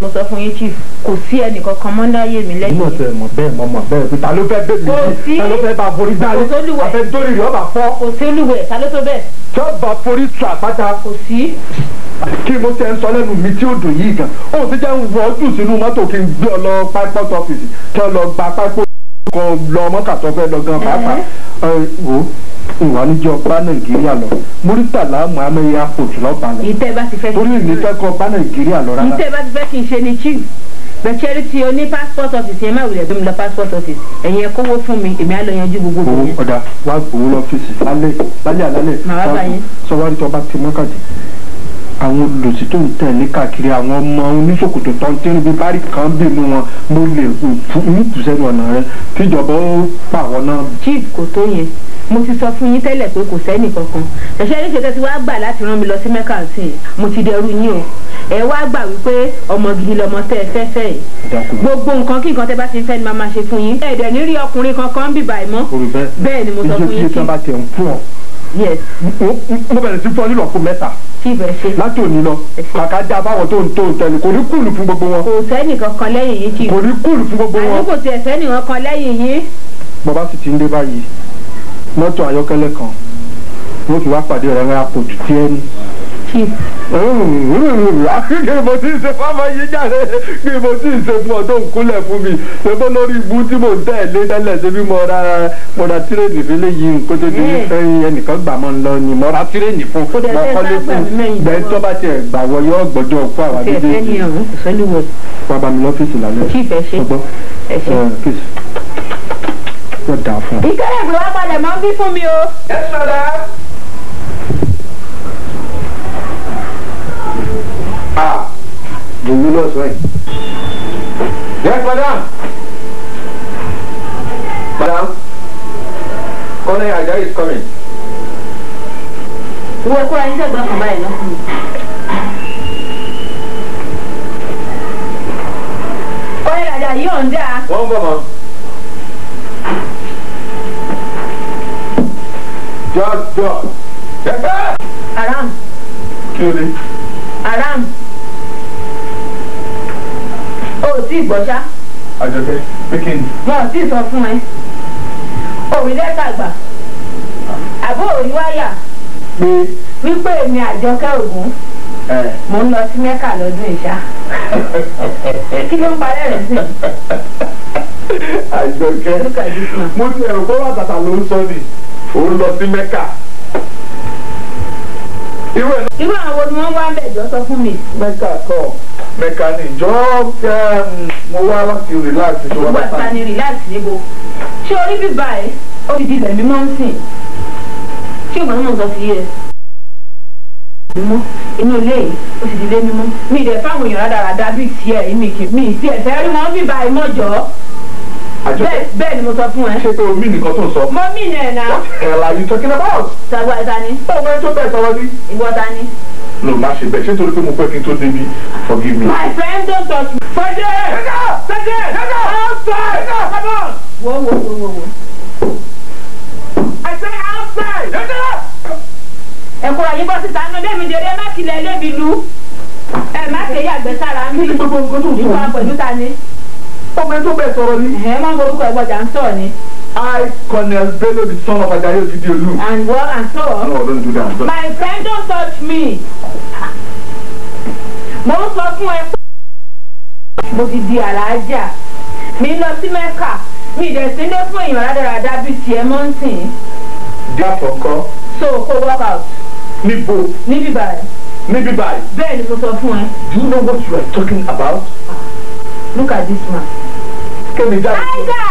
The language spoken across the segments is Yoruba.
mo sọ fún yín chief kò sí ẹnì kankan mọ́ láyé mi lẹ́yìn. níwọ̀n tẹ mọ̀ bẹ́ẹ̀ mọ̀ mọ̀ bẹ́ẹ̀ pé ta ló fẹ́ bẹ́ẹ̀ lè ta ló fẹ́ bá forí gbálẹ̀ àfẹ́ dórí rẹ̀ ọba fọ́. kò sí olúwẹ̀ ta ló tó bẹ́ẹ̀. jọba forí sọ àpáta. kò sí. kí mo tẹ ń sọ lẹ́nu mi tí ó dùn yìí gan òun ti jẹ́ ń wọ́ọ́jú sínú mọ́tò kí n gbé ọ lọ pápá ọ́fíìsì kí ọ lọ gba pápá kọ́ lọ mọ́kà tó fẹ́ lọ gan pàápàá wò ó ìwà níjọ bá nàìjíríà lọ múrítàlá muhammed yà kò jùlọ bá lọ torí ìní fẹ́ kọ́ bá nàìjíríà lọ rárá. ìtẹ́ bá ti fẹ́ kí n ṣe ni chief bẹ̀tẹ́rì tí o ní passport office yẹn má wulẹ̀ bí mo lọ passport office ẹ̀yin ẹ̀ kówó fún mi èmi á lọ yanjú gbogbo mi. owó ọ̀dà wàá gbowó lọ́fíìsì lálẹ́ lálẹ́ àlálẹ́ sọ wá rí tí wọ́n bá ti mọ́kàdé àwọn olùsí tó ń tẹ̀lé káàkiri àwọn ọmọ oníṣòkòtò tó ń tẹ́lẹ̀ bí bárí kan bínú wọn mo lè fún sẹ́nu ọ̀nà rẹ kíjọba ó pa àwọn náà. chief kò tó yẹn mo ti sọ fún yín tẹ́lẹ̀ pé kò sẹ́nì kankan ẹ̀ṣẹ́ níṣẹ́ tẹ́tí wàá gbà láti rán mi lọ sí mẹ́kà sí i mo ti dẹrú yín o ẹ wá gbà wípé ọmọ gidi lọmọ tẹ́ ẹ fẹ́ fẹ́ yìí gbogbo nǹkan kí nǹkan tẹ́ bá ti ń fẹ́ ni màá máa ṣe fún yín ẹ̀ẹ́dẹ̀ ní rí ọkùnrin kankan bíbà ẹ̀ mọ́ bẹ́ẹ̀ ni mo sọ fún yín kí yes. mo bẹ̀rẹ̀ sí fún ọ nílọ́kù mẹ́ta láti òní lọ kàkà dá báwọn tó ń tó ń tẹnu kò ní kùlù fún gbogbo wọn. kò sẹ́nì kankan lẹ́yìn yìí ti. kò ní kùlù fún gbogbo wọn. àdúgbò tiẹ̀ sẹ́nì kankan lẹ́yìn yìí. bàbá sì ti ń dé báyìí mọ́tò ayọ́kẹ́lẹ́ kan wọ́n fi wá pàdé ọ̀rẹ́ rẹ̀ àpòjù tí ẹ ní akéde mo ti ṣe fáwọn ayé jáde kí mo ti ṣe fún ọ tó fún mi ṣebó lórí ibú tí mo tẹ̀ lé tẹ́lẹ̀ ṣe bí mo ra mo ra tírèèdì fi lè yí nǹkan tó ti fẹ́ ẹnìkan gbà mọ́ lọ ni mo ra tírèèdì fún mo kọ́lé fún bẹ́ẹ̀ tó bá tiẹ̀ gbà wọ yọ gbọ́dọ̀ fún àwọn àdédé wà bá lọ́fíìsì lálẹ́ ọgbọ́n kíìsì yóò dà fún ọ. ìgbìmọ̀ padà máa bí fún mi o. ẹ sọ̀rọ̀. mo wí Ya, yìí. yes madam madam Colonel Ajayi is coming. wọ́n kó ayé dàgbà kàn báyìí náà. Colonel Ajayi yóò ń dá. wọ́n ń bọ̀ mọ́. George George. Aram. kí o dé. tí ì gbọ́ ṣá. àjọkẹ́ pé kí ni. wọn ò tí ì sọ fún ẹ òwì lẹ́tà gbà àbó òní wáyà pé wípé èmi àjọkẹ́ ògún mò ń lọ sí mẹ́kà lọ́dún ìṣá kí ló ń parẹ́ rẹ̀ sí. àjọkẹ́ mo ti ẹ̀rù kó wà tàtà ló ń sọ ni òun lọ sí mẹ́kà irú àwọn ni wọ́n wá ń bẹ̀jọ́ sọ fún mi. mẹ́ka kọ́ mẹ́ka ni ìjọ mo wá láti rìláàsì tó wá bá ta. ìgbà ta ni rìláàsì níbo ṣé orí bíbá ẹ ó ti di ilẹ̀ mímọ́ ń sìn ṣé ìgbà náà sọ sí yẹ mímọ́ inú ilé yìí ó sì ti lé mímọ́ mi ìdẹ̀ fáwọn èèyàn rádaràda bíi tiẹ̀ mi kì í mi ì tiẹ̀ fẹ́ rí wọn bíbá ẹ mọ́jọ́ bẹ́ẹ̀ ni mo sọ fún ẹ. ṣé pé mí nìkan tó ń sọ. mo mí nìyẹn na. what hell are you talking about. sago ẹ ta ni. báwo máa ń tó bẹ́ẹ̀ sọ̀rọ̀ sí. ìwọ ta ni. no má ṣe bẹ́ẹ̀ ṣé torí pé mo pẹ́ kí n tó débi forgive me. my friend don touch me. sọjẹ sọjẹ outside come on. wo wo wo wo wo. I say outside. ẹ̀kọ́ ayé bọ́ síta ní ọdẹ mi jẹ́ ẹ má kilẹ̀ ẹ lébi lu ẹ má kéye àgbẹ̀sára mi ìwà pẹ̀lú ta ni ọmọ ẹni tó bẹ̀ sọ̀rọ̀ ni. ẹ máa ń forúkọ gbọ́dọ̀ à ni. I, Colonel Bello, the son of Ajayi Okidiolu. And what well, and so? No, don't do that. Don't. My friend, don't touch me. Mo ń sọ fún ẹ pé mo ti di àlàájá. Mi lọ sí Mẹ́kà. Mi ìdẹ̀ sí ilé fún èèyàn rádaràda bíi tiẹ̀ mọ́ǹtìn. Di àkọ́kọ́. So kó work out. Níbo? Níbí báyìí. Níbí báyìí. Bẹ́ẹ̀ ni mo sọ fún ẹ. Do you know what you are talking about? Ah, look at this man kémi jáde. táìgà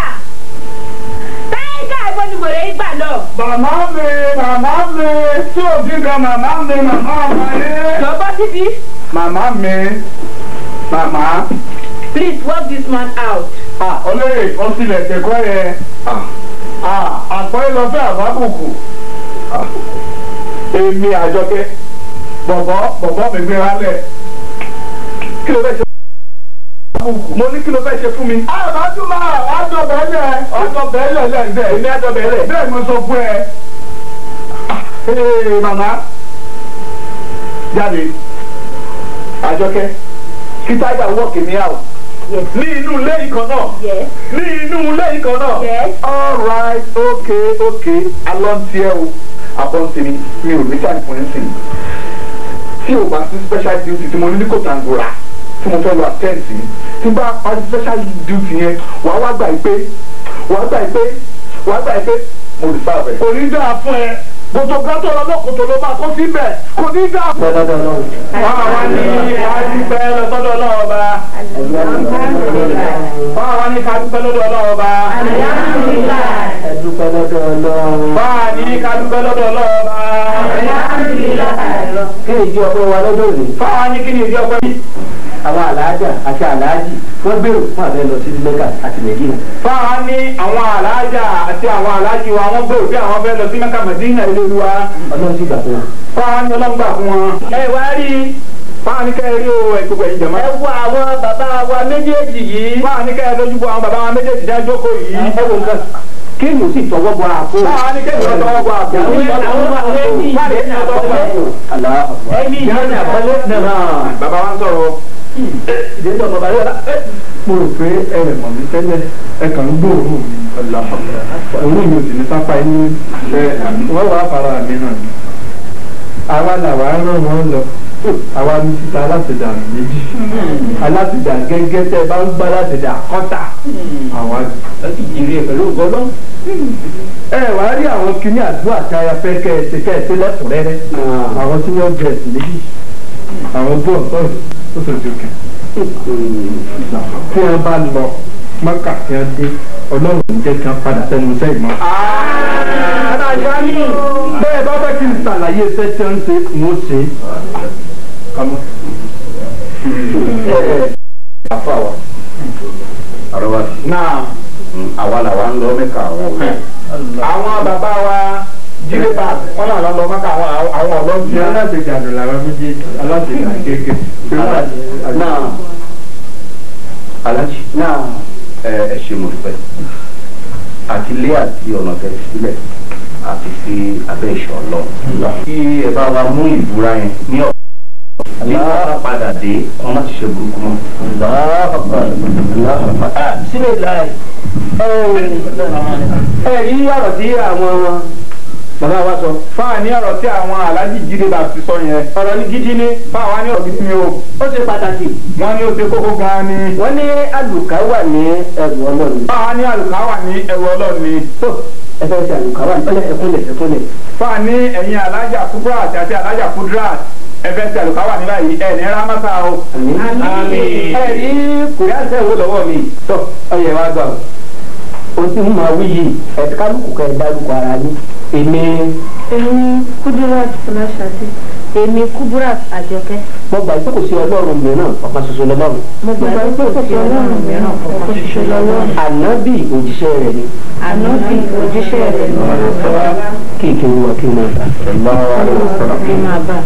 táìgà ìbọn ni wèrè gbà lọ. màmá mi màmá mi tí ò bí gan màmá mi màmá ọmọdé. lọ́bọ́ síbí. màmá mi màmá. please work this man out. ah olóyè ọsìlẹ̀ tẹ̀kọ́ yẹ ah àpọ́yé lọ fẹ́ àbábùkù èmi àjọkẹ́ bọ̀bọ̀ bọ̀bọ̀ mi gbéra lẹ̀ kí ló fẹ́ ṣe mo ní kí ló fẹ́ ṣe fún mi. àbájúmọ̀ ah, àdọ̀bẹ̀lẹ̀ àdọ̀bẹ̀lẹ̀ lẹ́gbẹ̀ẹ́ èmi àdọ̀bẹ̀lẹ̀ bẹ́ẹ̀ mo sọ fún ẹ. ee màmá jáde àjọkẹ́ kí táyà wọ́ọ̀kì mi àwọ̀ ní inú ilé ìkan náà ní inú ilé ìkan náà all right okay okay alọ́ntiẹ́ o àbọ̀ntìmí mi ò ní sáà ìpọ́nsìn tí o bá sí special duty tí mo ní ní kò tàǹgòrà tí mo fẹ́ lọ attend sí tí bá parí special duty yẹn wà á wá gbà pé wà á gbà pé wà á gbà pé mo lè fà bẹ̀. kò dáa fún ẹ kòtò kan tó lọ lọ́kòtò ló máa kó síbẹ̀ kò ní dá. lọ́dọ̀ lọ́wọ́. báwa ní adúpẹ́ lọ́dọ̀ lọ́wọ́ bá. báwa ní kadúpẹ́ lọ́dọ̀ lọ́wọ́ bá. adúpẹ́ lọ́dọ̀ lọ́wọ́. báwa ní kadúpẹ́ lọ́dọ̀ lọ́wọ́ bá. kí ni ìdí ọpẹ́ wa lọ́dọ̀ òní. báwa ní kí ni ìdí ọpẹ́ mi àwọn aláàjà àti aláàjì wọn gbèrò fún abẹ lọ sí mẹ́kà àti mẹdínà. fáwọn ní àwọn aláàjà àti àwọn aláàjì wa wọn gbèrò wa ọlọ́run sì gbà fún wọn. fáwọn ni ọlọ́run gbà fún wọn. ẹ wá rí i fáwọn ni kẹ́ẹ̀ rí o ẹ gbogbo ẹ̀yin jẹ̀mọ́. ẹ wo àwọn bàbá wa méjèèjì yìí. fáwọn ni kẹ́ẹ̀ lójú bọ àwọn bàbá wa méjèèjì dá jókòó yìí. ẹ wo nǹkan kéèmù sì tọwọ́ bọ àpò. fáwọn ni kéèmù tọwọ́ bọ àpò. ẹni mo rò pé ẹ mọ̀ mí tẹ́lẹ̀ ẹ kàn ń gbòòrùn mi òun mi ò sì ní sápá inú ẹ wọ́n wàá fara mi hàn mí àwa làwa ràn wọ́n lọ àwa ní títa alátìdá méjì hmm. alátìdá gẹ́gẹ́ tẹ́ bá ń gbá alátìdá kọ́ta hmm. àwa ti jèrè ẹ̀ pẹ̀lú ògbọ́lọ́ ẹ wà á rí àwọn kinní àdúrà tí a fẹ́ kẹ́ ẹ ṣe kẹ́ ẹ ṣe lẹ́kùnrẹ́rẹ́ hmm. àwọn tí wọ́n jẹ ẹ̀sìn méjì àwọn bọ́ọ̀ sọ́ọ̀rọ̀ tó sọ̀rọ̀ tí wọ́n bá lọ mọ́kà tí wọ́n dé ọlọ́run ń jẹ́ kí wọ́n padà sẹ́nu iṣẹ́ ìmọ̀. àdájọ́ ni bẹ́ẹ̀ bá fẹ́ kí n ṣàlàyé iṣẹ́ tí wọ́n ń ṣe ń lọ mẹ́ka àwọn bàbá wa jírípa wọn náà lọ mọ́ka àwọn ọlọ́run. ṣé aláṣẹjà ló làwọn méjèèjì aláṣẹjà kéèké. náà aláṣẹ náà ẹ ṣe mo fẹ́ àti ilé àti ọ̀nà tẹ̀sí sílẹ̀ àti sí abẹ́ ìṣọ̀ lọ. kí ẹ bá wa mú ìbúra yẹn ní ọ̀ nígbà padà dé wọn má ti ṣe burúkú mọ́. sílẹ̀ láì ẹ̀rí ọ̀rọ̀ a àwọn. bàbá wa sọ. fáà ní ọrọ tí àwọn aláàjì jíde bá ti sọ yẹn. ọ̀rọ̀ ní gidi ni. fáà wá ní ọ̀rọ̀ gidi ni o. ó ṣe pàtàkì. wọ́n ní ó ṣe kókó gan-an ni. wọ́n ní àlùkà wà ní ẹ̀rù ọlọ́ọ̀ni. fáà ní àlùkà wà ní ẹ̀rù ọlọ́ọ̀ni. tó ẹ fẹ́ ṣe àlùkà wà ní ẹ̀kúnlẹ̀ o. o ti mú ma wíyì ẹ̀kálùkù kẹ́ ẹ̀ dárúkọ ara yín èmi. èmi Kudirat Fọláṣadé èmi Kudirat Àjọkẹ́. mo gbà pé kò sí ọlọ́run mìíràn ọ̀kan ṣoṣo lọ́lọ́run. mo gbà pé kò sí ọlọ́run mìíràn ọ̀kan ṣoṣo lọ́lọ́run. ànábì òjíṣẹ́ rẹ̀ ni. ànábì òjíṣẹ́ rẹ̀ ni. kí n kí n wọ kí n máa bá.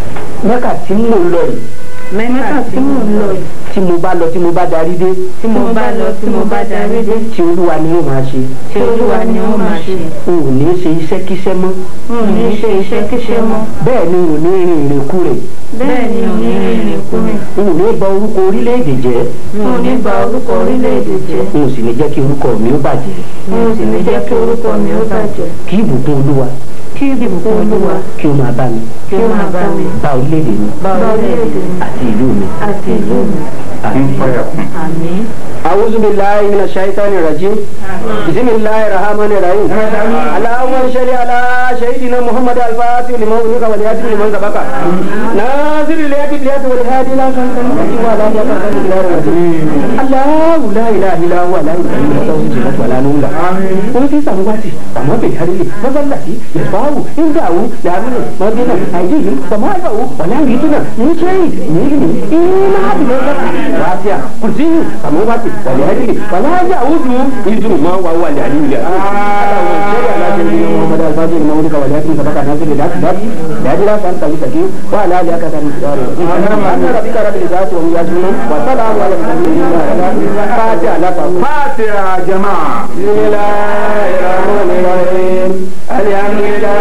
mẹ́kà tí mò ń lọ yìí mẹ́kà tí mo lọ tí mo bá lọ tí mo bá darí dé tí mo bá lọ tí mo bá darí dé tí olúwa ni ó máa ṣe tí olúwa ni ó máa ṣe n ò ní ṣe iṣẹ́kíṣẹ́ mọ́ n ò ní ṣe iṣẹ́kíṣẹ́ mọ́ bẹ́ẹ̀ ni n ò ní rin ìrìnkú rẹ̀ bẹ́ẹ̀ ni n ò ní rin ìrìnkú rẹ̀ n ò ní bà orúkọ orílẹ̀-èdè jẹ́ n ò ní bà orúkọ orílẹ̀-èdè jẹ́ n ò sì ní jẹ́ kí orúkọ mi ó bàjẹ́ n ò sì ní jẹ́ kí orúkọ mi ó bàjẹ́ kí ìbùkún olúwa kí ìbùkún olúwa kí ó máa bá mi kí ó máa bá mi bá orílẹ̀-èdè mi bá orílẹ̀-èdè mi àti ìlú mi àti ìlú mi. أعوذ بالله من الشيطان الرجيم بسم الله الرحمن الرحيم اللهم صل على سيدنا محمد الفاتح لما أغلق والهادي لمن سبق ناصر اليد اليد والهادي لا تنسى ولا الله لا إله إلا هو لا إله إلا هو ولا نولى قلت سمواتي سمواتي هذه مظلتي يسبع Samawu, Indawu, Darminu, Madina, Ajihi, Samawu, Walangituna, Nishaid, Nigni, Inabinaka, Wasiya, Kusini, Samawati, Walahadili, Walaja Udu, Izu, Mawa, Walahadili. محمد الفاضل المولك ولكن سبق نازل ذات ذات لا بلا فان تلتقي ولا لا كان مقدار ان ربك رب العزه وهو يجمعون وسلام على المرسلين فاتحه لك فاتحه يا جماعه بسم الله الرحمن الرحيم الحمد لله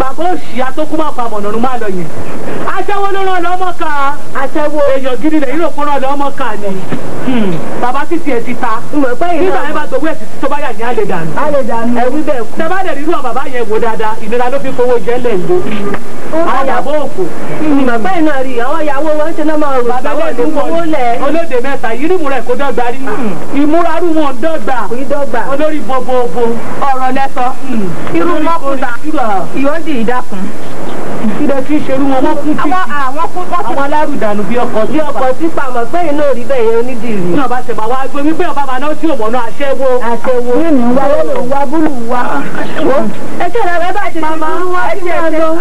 bàbá òṣìyà tó kú máa pamọ̀ nínú máa lọ yẹn. aṣẹ́wó ló ràn lọ́mọ ká. aṣẹ́wó èèyàn gidi lè yín òkú ràn lọ́mọ ká ni. Hmm. bàbá títí ẹ ti ta. nígbà yẹn bá gbogbo ẹ̀sìn tó bá yà ní àlè dànù. àlè dànù. ẹ̀wí bẹ́ẹ̀ kú. tẹ́bá dẹ̀ nínú bàbá yẹn wò dáadáa ìnira ló fi fowó jẹ́ lẹ̀ ńdó. àyàbọ̀ òkú. bàbá yìí náà rí àwọn ìyàwó wọn ṣe tí ì kí ló ti ṣerú wọn wọ́n kún tí àwọn ah, alárùdànù bíi ọkọ̀ tí ọkọ̀ oribe pàmò pé iná rí bẹ́ẹ̀ yẹn onídìrí. náà bá ṣe wá gbé wípé ọba màá náà tí ò mọ̀nà àṣẹwó. àṣẹwó wa lò wá wa. ẹ ẹ bá ti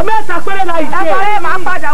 mẹ́ta péré la ìṣe. ẹ máa padà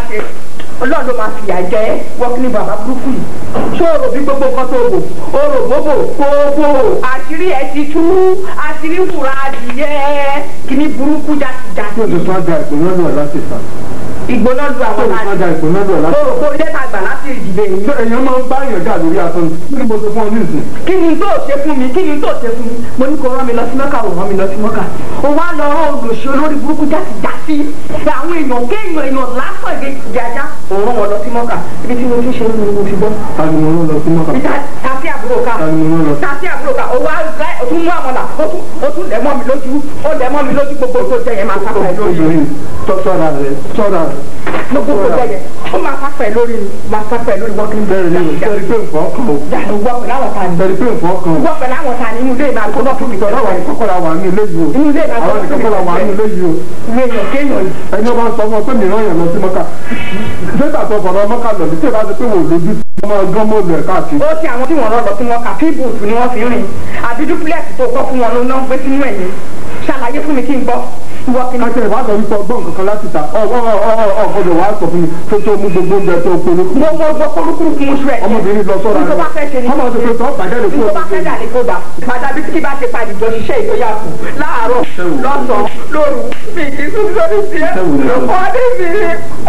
ọlọ́run ló máa fìyà jẹ wọ́kìlì bàbá burúkú yìí ṣé o rò bí gbogbo nǹkan tó bò o rò bóbò bóbò àṣírí ẹ ti tú àṣírí wùrà adìyẹ kìíní burúkú jásijàsi. ṣé o ti fọ́ da ìpínlẹ̀ náà láti fà? ìgbóná lu àwọn láàrin kó kó lẹ́tà gbà láti ìdìbò èyí. ṣé èèyàn máa ń bá èèyàn jà lórí aṣọ ni kí ni mo ṣe fún ọ ní ìsìn. kí ni tó ṣe fún mi kí ni tó ṣe fún mi mo ní kó rán mi lọ sí mọ́kà ò rán mi lọ sí mọ́kà ó wá lọ rán olùṣe olórí burúkú jáde jásí àwọn èèyàn kéèyàn èèyàn lásán èdè jàjà òun rán wọn lọ sí mọ́kà ibi tí mo ti ṣe ni mo ti gbọ́. tani mo rán lọ sí mọ́kà. tàti àbúrò ká tàti àbúrò ká òun wá tún mú àmọ́là ó tún lẹ̀ mọ́ mi lójú ó lẹ̀ mọ́ mi lójú gbogbo tó jẹ yẹn máa sábà lórí. tọ́sọ́ra rẹ̀ tọ́sọ́ra rẹ̀ gbogbo tó bẹ̀rẹ̀ ó máa ká pẹ̀ lórí máa ká pẹ̀ lórí wọ́kì nígbà ìjà tẹ̀rí pé nǹkan kan o yàtọ̀ wọ́ pẹ̀lú ta ni tẹ̀rí pé nǹkan kan o wọ́ pẹ̀lú àwọn ta ni inú ilé ìmọ̀ àgbọ̀dọ̀ tó kìtọ̀ lọ́wọ́ ni kọ́kọ́ wà ní ilé yìí o inú ilé ìmọ̀ àgbọ̀dọ̀ tó kìtọ̀ lọ́wọ́ ni ilé yìí o èèyàn kéèyàn ẹni ọba sọ fún ọ pé mìíràn yàn lọ sí mọ́kà dókítà tó fọ̀rọ̀ mọ́kà lọ sí tí ti pé wò lójú tí wọ́n gán mọ́ olùẹ̀ káàkiri. ó ti àwọn tí wọ́n lọ kájẹ ìwà sọ wípé ọgbọ́n láti ta ọgbọ́dọ̀ wà sọ fún mi tó tó mú gbogbo oúnjẹ tó polú. mo mo gbọ́ polúkúrú kì í ṣe ọmọbìnrin lọ sọ́ra rẹ̀ ọmọ tó fi tọ́ bàjẹ́ lè kó. bá bàtà bí kí bá ti padì jọ ṣiṣẹ́ ìgbéyà kù láàárọ̀ lọ́sàn-án lóru mi kì í sún sórí sí ẹ ọdún mi ni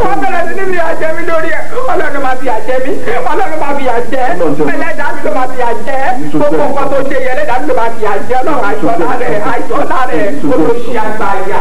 wọ́n bẹ̀rẹ̀ sí níbi àjẹ́ mi lórí ẹ ọlọ́run máa fi àjẹ́ mi ọlọ́run máa fi àjẹ́ ẹlẹ́dàá mi ló máa fi àjẹ́ gbogbo nǹkan tó ṣe yẹ ẹlẹ́dàá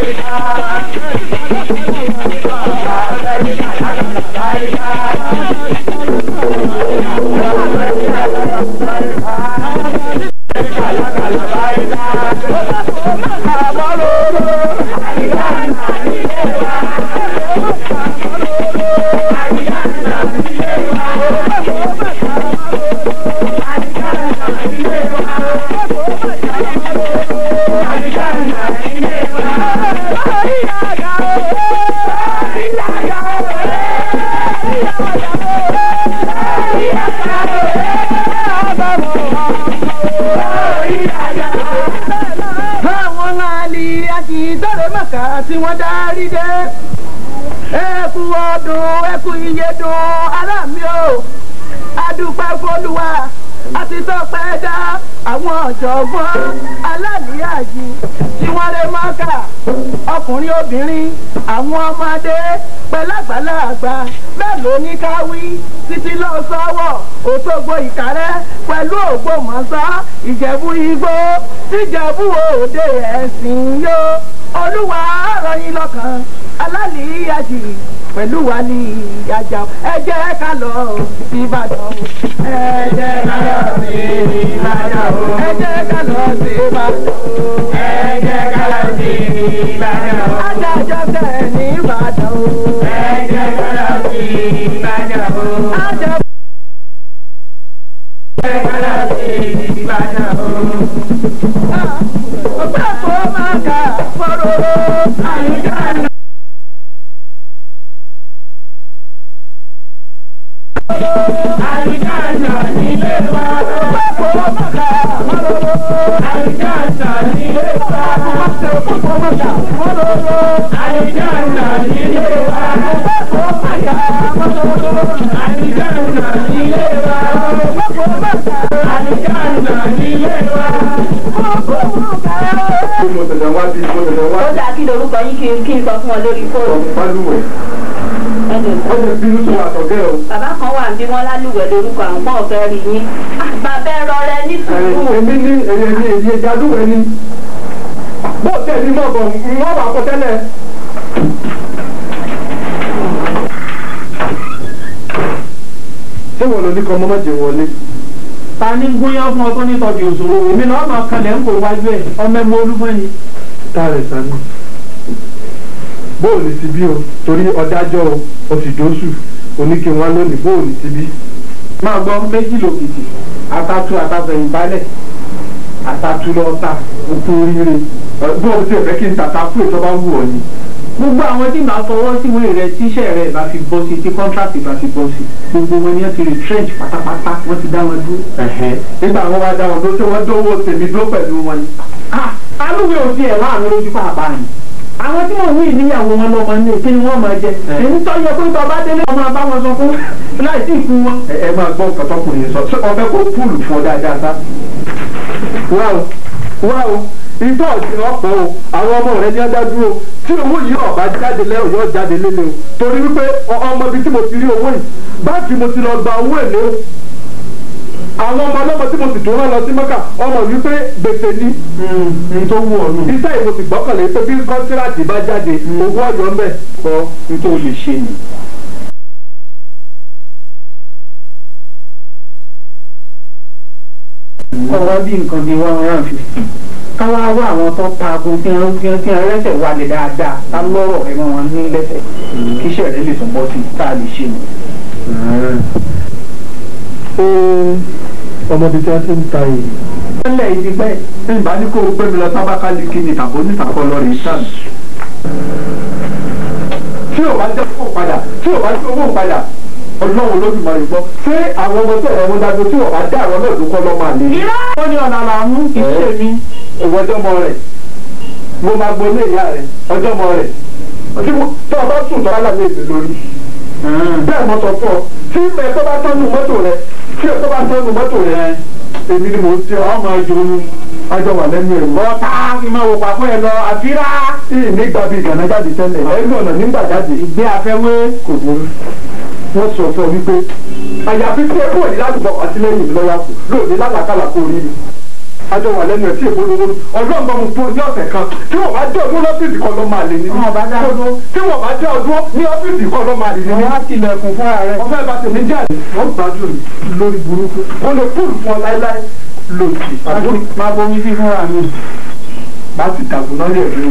Hello, hello. mọ̀ká tí wọ́n dárí dé ẹkú ọdún ẹkú ìyẹdùn aláàmì o adúpẹ́ fọlùwà àti tọ́pẹ́ dá àwọn ọ̀jọ̀gbọ́n aláníyàjì tí wọ́n lè mọ́kà ọkùnrin obìnrin àwọn ọmọdé pẹ̀lú àgbàlagbà bẹ́ẹ̀ ló ní ká títí lọ sọ́wọ́ òtógbó ìkárẹ́ pẹ̀lú ògbómọ̀ṣọ́ ìjẹ̀bú igbó tíjẹ̀bú òde ẹ̀sìn yóò olúwa rọ̀ yín lọ́kàn alálìíyájì pẹ̀lú wa ní ìyájà ẹ jẹ́ ká lọ sí ìbàdàn o. ẹ jẹ́ ká lọ sí ìbàdàn o. ẹ jẹ́ ká lọ sí ìbàdàn o. ẹ jẹ́ ká lọ sí ìbàdàn o. adájọ́ bẹ́ẹ̀ ní ìbàdàn o. ẹ jẹ́ ká lọ sí ìbàdàn o. adájọ́ bẹ́ẹ̀ ní ìbàdàn o. Ìbàdàn o. Ọgbẹ́ kò máa kà fọ́rọ́. Àyíká náà. àlùjáńjà nílé wa. Mọ̀kòrò mọ̀kà mọ̀lòlò. Àlùjáńjà nílé wa. Mọ̀kòrò mọ̀kà mọ̀lòlò. Àlùjáńjà nílé wa. Mọ̀kòrò mọ̀kà mọ̀lòlò. Àlùjáńjà nílé wa. Mọ̀kòrò mọ̀kà. Àlùjáńjà nílé wa. Mọ̀kòrò mọ̀kà. Mo tẹ̀lé wá bí mo tẹ̀lé wá. Ó dà kí lorúkọ yín kí n sọ fún ọ lórí fóònù. Ọ̀pá ó lè bínú tó wà tọ̀gẹ́ o. bàbá kan wà bí wọ́n lálùwẹ̀ lórúkọ àwọn pọ̀ fẹ́ rí yín. bàbá ẹ̀rọ rẹ ní sùúrù. èmi ní èyí èyí èyí ẹja lúwẹ̀ ni bó tẹ̀ ní mọ̀gàn wọ́n wà kọ tẹ́lẹ̀. ṣé wọn lò ní kan mọ́mọ́ jẹ wọlé. ta ni ń gúnyán fún ọ tó ní òṣòro èmi náà máa kalẹ̀ ń kó wájú ẹ̀ ọmọ ẹgbẹ́ olúmọ ni. tá a rẹ̀ sá ni bóòlù ti bí o torí ọdájọ́ o òsìdóṣù oníke wọn lónìí bóòlù ti bí. máa gbọ́ méjì lòkìtì atatu atatẹ̀yìn balẹ̀ atatu lọ́ta òkú oríire bóòlù ti ẹ̀fẹ́ kí n tàta kú ìjọba wù ọ́ ni. gbogbo àwọn tí màá fọwọ́ síwèé rẹ tíṣẹ́ rẹ bá fi bọ́ sí tí kọ́ńtàkì bá fi bọ́ sí gbogbo wọn ni wọ́n ti retrench pátápátá wọ́n ti dá wọn dúró. nígbà wọn wá dá wọn dúró tí wọ́n dówó tèmi dúró pẹ̀lú wọn ni. ah alúwe òsì ẹ̀ láàrin ojú pàápàá ni àwọn tí wọn wí níyàwó wọn lọ máa ní òkè ni wọn máa jẹ èyí yẹ pé bàbá délé ọmọ bá wọn sọ fún láì sí ìkú wọn. ẹ máa gbọ́ nǹkan tọkùnrin sọ ọbẹ̀ kó púùlù fún ọ dáadáa sá. wá o wá o ìtọ́ ọ̀sìn ọ̀pọ̀ o àwọn ọmọ rẹ ní ọjà dúró tí owó yìí ọ̀bá jáde lẹ́yìn yóò jáde lélẹ̀ o torí wípé ọmọ ibi tí mo ti rí owó yìí báńkì mo ti lọ gba owó èlé o àwọn ọmọ ọlọ́mọ tí mo sì dúró lọ sí mọ́kà ọmọ yìí pé gbèsè ni. Mm, n tó wù ọ́ nù. iṣẹ́ ìwò sì gbọ́kànlé pé bí kọ́ńtíráàtì bá jáde mm. owó ọ̀yọ́ ń bẹ̀ kọ́ n tó lè ṣe nì. ọ̀rọ̀ bí nǹkan bíi one hundred and fifty ká wá wá àwọn tó pa ago tí wọ́n fi ti ẹlẹ́sẹ̀ wálé dáadáa ká lọ́rọ̀ ẹ̀ mọ́ wọn ní lẹ́sẹ̀ mm. kí iṣẹ́ rẹ̀ lè tún bọ́ sí i tá a lè ṣe nì ọmọbi tí wọ́n ti ń ta èyí. tẹ́lẹ̀ ìdí pẹ́ ń bá ní kó o gbé mi lọ sábàkálì kí ni tàbí onítàkọ́ lọ rè sàn. tí o bá jẹ́ owó padà tí o bá jẹ́ owó padà ọlọ́run olódùmarè gbọ́ ṣé àwọn ọmọ sọ̀rọ̀ wọn dájú tí o bá dá àwọn náà lókọ́ lọ́ máa lè. ìrọ́ ni ọ̀nà àlàmú kì ṣe mi. ìwọ́jọ́mọ rẹ̀ mo máa gbolé ìyá rẹ̀ ọjọ́mọ rẹ̀ tí o bá sùn tọ́ alàmì èdè lórí. bẹ́ẹ̀ mo sọ fún ọ tí mẹ́tọ́ bá tọ́jú mọ́tò rẹ̀ kí o tó bá tó nu yẹn èmi ni mò ń ṣe ọ́ máa jò nu wà lẹ́nu ẹ̀rù. ọ̀tá ìmọ̀ wò pàpọ̀ ẹ̀ lọ àfírà. ìní gbàbí ìgànnà jáde tẹ́lẹ̀ ẹnu ọ̀nà nígbà jáde. ìgbé afẹ́wé kò burú wọ́n sọ fún ọ wípé àyàfi tí ẹ kúrò ní ládùúgbò àtìlẹ́yìn lọ́wọ́ kù lóòní lálàkàlà kò rí mi àjọ wà lẹ́nu ẹ̀sìn ìpolówó ọlọ́run bá mu fún ọjọ́ ọ̀sẹ̀ kan tí wọ́n bá dé ọdún lọ́fíìsì kan lọ́ máa lè ní ní tí wọ́n bá dé ọdún ní ọ́fíìsì kan lọ́ máa lè ní ní. wọ́n á ti lẹ̀kùn fún ara rẹ̀. ọ̀fẹ́ bá tèmi jẹ́ àlè wọ́n gbádùn lórí burúkú wọ́n lè fúlù fún ọ láéláé lòdì. máa bomi fífúnra mi bá ti dàgbò náà yẹ̀ lórí.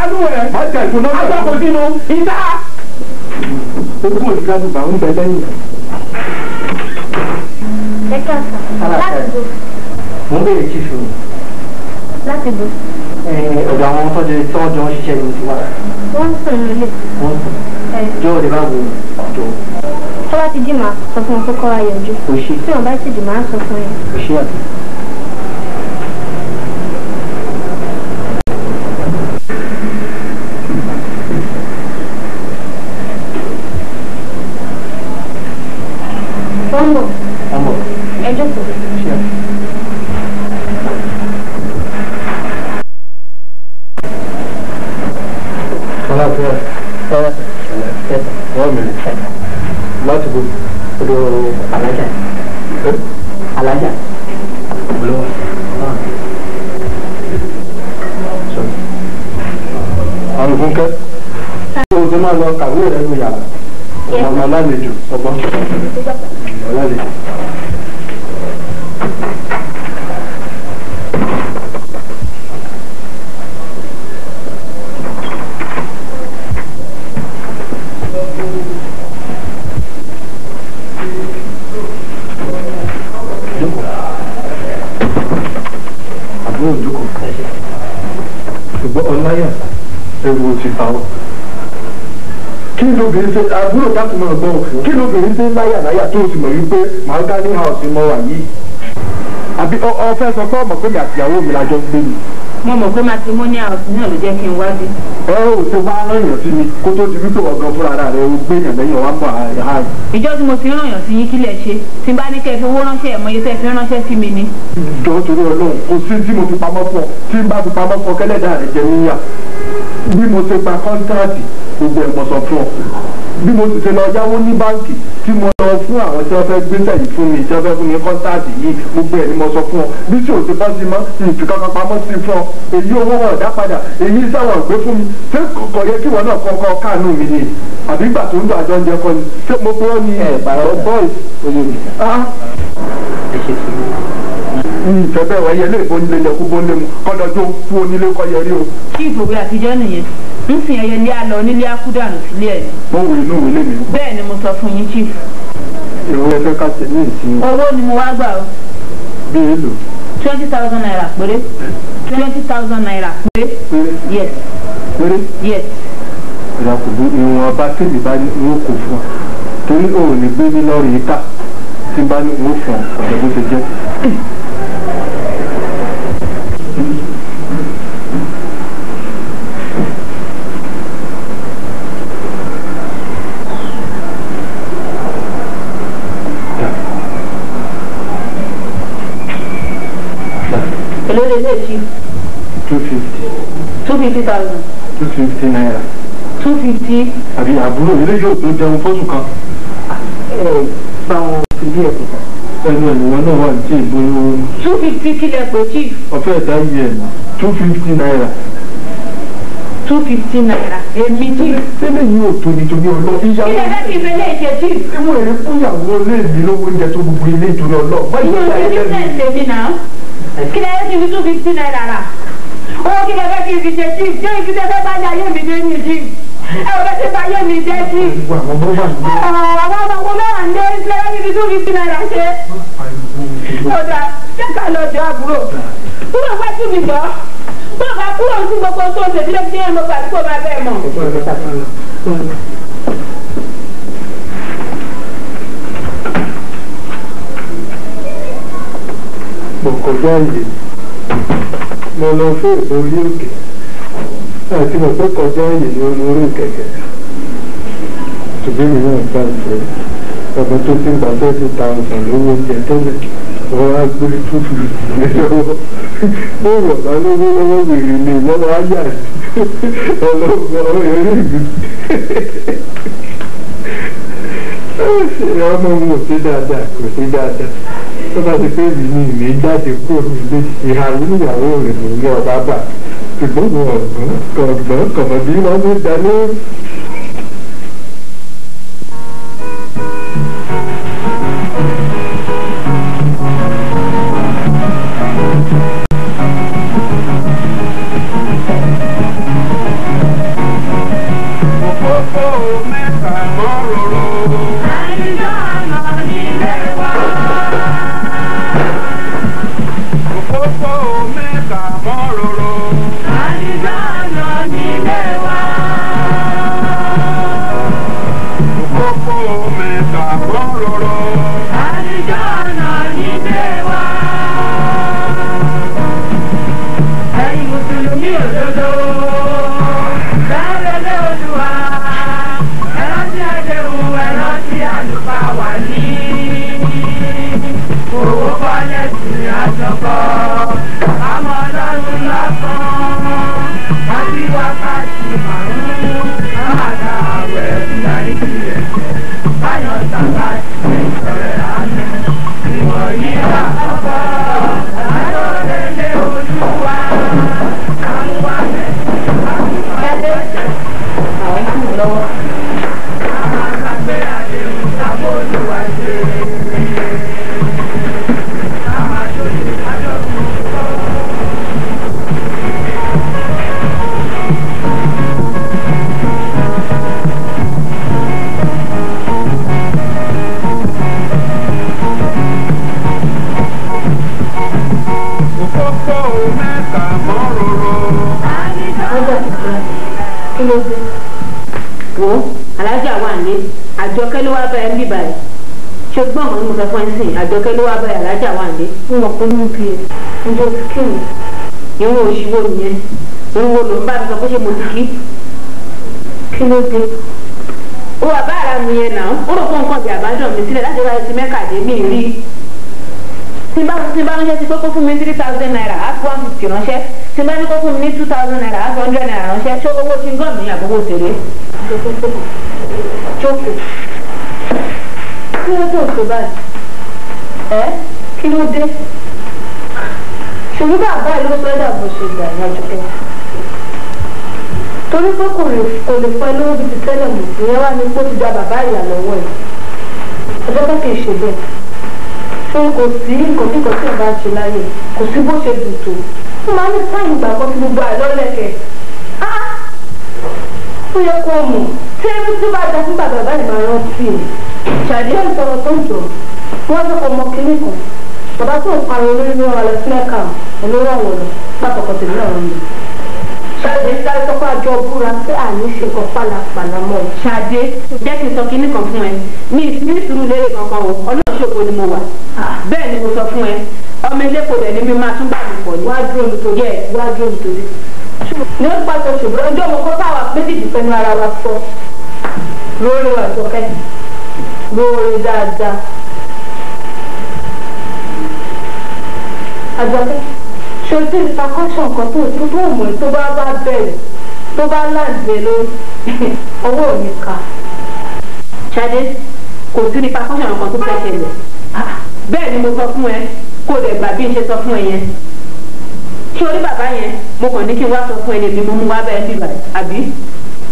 alúwẹ̀ agbáko sínú ìta. ogún òdìgbàdùn bá ń mo ń bèrè chief mi. láti bò. ọ̀dọ̀ àwọn tọ́jú tí wọ́n jọ ń ṣiṣẹ́ ni mo ti wá. wọ́n ń sùn nílé. wọ́n ń sùn. jọ òde bá wo jọ. tó bá ti dì máa sọ fún wọn bá ti bòmí odò alájà alájà. olówó. àwọn ìfúnkẹ́ kí o ti máa lọ kàwé rẹ̀ lóyàrá ọmọ ọlálejò ọgbọ́n ọlálejò. Aliança evolutiva kí lóbìnrin ṣe àbúrò tákù máa gbọ́ kí lóbìnrin ṣe ń láyà láyà tó sì mọ̀ wípé màá ní house mọ́ wa yìí àbí ọ fẹ́ sọ pé mi àtìyàwó mi mo mọ̀ pé matrimonial house náà ló jẹ́ kí n wá bí. ẹ ò tó bá ràyàn sí mi kó tó di wípé ọgàn fúnra rẹ o gbéyàn lẹ́yìn ọwá gbà á. ìjọ tí mo ti ràyàn sí yín kílẹ̀ ṣe tí n bá ní kẹ́ ẹ fi owó ránṣẹ́ ẹ̀ mọye tẹ́ ẹ fi ránṣẹ́ sí mi ni. ìjọ torí Ọlọ́run kò sí tí mo fi pamọ́ fún ọ tí n bá fi pamọ́ fún ọ kẹ́lẹ́dà rẹ jẹ níyà bí mo ṣe gba kọ́ńtáàtì gbogbo ẹ̀ mọ̀sán fún ọ bí mo sì ṣe lọ yáwó ní báǹkì tí mo sọ fún àwọn tí wọ́n fẹ́ gbéṣẹ́ yìí fún mi tí wọ́n fẹ́ fún mi kọ́ńtáàtì yìí gbogbo ẹ̀ ni mo sọ fún ọ bí tí òsè bá sí mọ́ ìfi kankan pamọ́ sí fún ọ èyí owó wọn ọ̀dá padà èyí sáwọn ògbé fún mi ṣé kò yẹ kí wọn náà kọ́kọ́ káàánú mi ni àbí ìgbà tó ń lọ àjọ oúnjẹ kọ́ ni ṣé mo gbọ́ ni ìfẹ́ bẹ́ẹ̀ wáyé ilé ìbónilé yẹ kó bónilé mu kọ́dọ̀jọ́ fún onílé kọ́ yẹ rí o. kí ìbòwe àtijọ́ nìyẹn ń sìn ẹyẹ ní àlọ́ nílé akúdànù sílé ẹ̀. mo wò inú ìwé lèmi. bẹ́ẹ̀ ni mo sọ fún yín chief ìwọ ẹ ká ṣe ní ìsìn. owó ni mo wá gbà o. bí èlò. twenty thousand naira péré. twenty thousand naira péré. yes. péré. yes. ìyá kò bí ìwọ̀n ọba tèmi bá ní owó kò fún ọ torí òun ní gbé ní lọ́ọ̀rì yìí ká tí bá ní owó fún ọ bó ṣe jẹ́. fifty thousand. two fifty naira. two fifty. àbí àbúrò ilé yóò tó jẹun fóṣù kan. ẹ ẹ báwọn fi bí ẹ̀kọ́ kan. ẹnu ẹ̀nìyàn náà wà ní tí ì bóyá. two fifty kílẹ̀ pé chief. ọ̀fẹ́ ẹ̀dá yìí ẹ̀ two fifty naira two fifty naira èmi tí. tẹ́lẹ̀ yìí ò tóbi torí ọlọ́. ìyàwó ilé bẹ́ẹ̀ ti fẹ́lẹ́ ìṣe tí. ìwọ èrè fúnyàwó lé mi lówó oúnjẹ tó gbogbo ilé ìtòrí ọlọ́. báyìí ó ṣe é lẹ́nu. ìwọ èrè fúnyàwó lé mi náà. kílẹ̀ ẹ̀ ti fi two fifty naira rà owó kí lè fẹ́ kí n fi ṣe sí ṣé ibi tẹ́ fẹ́ bá ní ayé mi dé ní ìdí ẹ ò fẹ́ ṣe bá ayé mi dé sí. àwọn ọmọ mẹ́wàá ń dé ṣe lọ́wọ́ níbi tó fi sí náírà ṣe. ọ̀dà kẹ́kọ̀ọ́ lọ jọ àbúrò kúrò wá sí mi jọ kúrò wá kúrò sí gbogbo tó ṣe bí lẹ́gbẹ̀ẹ́ mo gbà kó bá bẹ́ẹ̀ mọ̀. Bọ̀kọ̀jọ́ yìí mo lọ fún orí òkè àti mo pé kọjá ààyè ní olórí kẹ̀kẹ́ ṣùgbọ́n náà gbà pé ọmọ tó ti ń gba thirty thousand lówó oúnjẹ tẹ́lẹ̀ wọ́n á gbé two fifty lé lọ́wọ́ ó wọ̀ bá lówó lọ́wọ́ wèrè lè lọ́wọ́ á yà ọlọ́gbọ́n eré ìlú ọmọ mi ò sí dáadáa kò sí dáadáa tó bá ti pé mi ni mi jáde kúrò nílé ìhà oníyàwó rẹ̀ lórí ọba bà ṣùgbọ́n mo ọ̀gbọ́n kọ̀ọ̀gbọ́n kọ̀mọ̀bí wọn ló dalé àjọkẹ́ ló wá bá ẹ ń bíbá ẹ ṣe gbọ́n mọ́ ní mo sọ fún ẹ sìn àjọkẹ́ ló wá bá ẹ alájà wà ní. n ò kún ní bí ẹ n bó ti kí ni ìwọ̀n òṣìwò nìyẹn ìwọ̀n ló ń bá mi sọ pé ṣe mo ti kí kí ló dé. ó wà bá ara mi yẹn nà ó rò pé nǹkan ìjà àbádọ́ mi sílẹ̀ láti wáyé ti mẹ́kà dé mi rí tí bá tí bá ránṣẹ́ ti pé kó fún mi three thousand naira á tó one fifty ránṣẹ́ tí bá ní kó fún mi ní two thousand naira á tó hundred naira ránṣẹ́ ṣé owó ṣingọ́ọ̀mù ni àbúrò tèrè. jókòó kí ló dé òtò báyìí ẹ kí ló dé ṣòwúgbà báyìí ló fẹ́ dàbò ṣe gbà ní àjọpẹ́ torí pé kò lè kò lè fọ ẹlọ́wọ́ bíi ti tẹ́lẹ̀ mọ̀ ìyẹn wá ní kó ti gba bàbá ìyá lọ́wọ́ ẹ̀ ọjọ́ pé kì í ṣe bẹ́ẹ̀ ṣé kò sí nǹkan tí nǹkan tí ìbá ṣe láyè kò sí bó ṣe dùn tó ó máa ní táyì ìgbà kan tí gbogbo àìlọ́lẹ̀kẹ̀ ó yẹ kó mọ̀ tí ebi tí bá dá fún bàbá báyìí máa rántí ṣàdí ẹ̀ sọ̀rọ̀ tó ń jò wọ́n sọ ọmọ kìíní kan bàbá tó ń pariwo lórí ní ọ̀rọ̀ sílẹ̀ kan olóró àwọn ọ̀rọ̀ pápákọ̀ tèmi ọ̀rọ̀ mi. ṣàdé sáré tọ́pọ̀ àjọ búra pé àní ṣe kan pálapàla mọ́ ọ. ṣàdé jẹ́ kí n sọ kìíní kan fún ẹ mi ní sùúrù lérè kankan o ọlọ́run ṣògo ni mo wà bẹ́ẹ̀ ni mo sọ fún ẹ ọmọ elépo rẹ̀ ni mi máa tún gbàgbé pọ̀ ní. wá dúró nítorí ẹ wá dúró nítorí. ní ó pàṣẹ ṣùgbọ́n ọjọ́ mo kọ́ táwa méjì dìpẹ́ ní ara wa sọ lórí lóore dáadáa. àjọkẹ́ ṣe o ti rí takọ́ṣọ̀ nǹkan tó tó tó mọ̀ tó bá bá bẹ̀rẹ̀ tó bá láǹdẹ̀ lórí ọwọ́ mi kà. ṣadé kò sí ní takọ́ṣọ̀ nǹkan tó fẹ́ ṣẹlẹ̀ ah, bẹ́ẹ̀ ni mo sọ fún ẹ kó lè gbà bí n ṣe sọ fún ẹ yẹn ṣé orí bàbá yẹn mo kàn ní kí n wá sọ fún ẹ lèmi mo mú wá bẹ́ẹ̀ bíbà àbí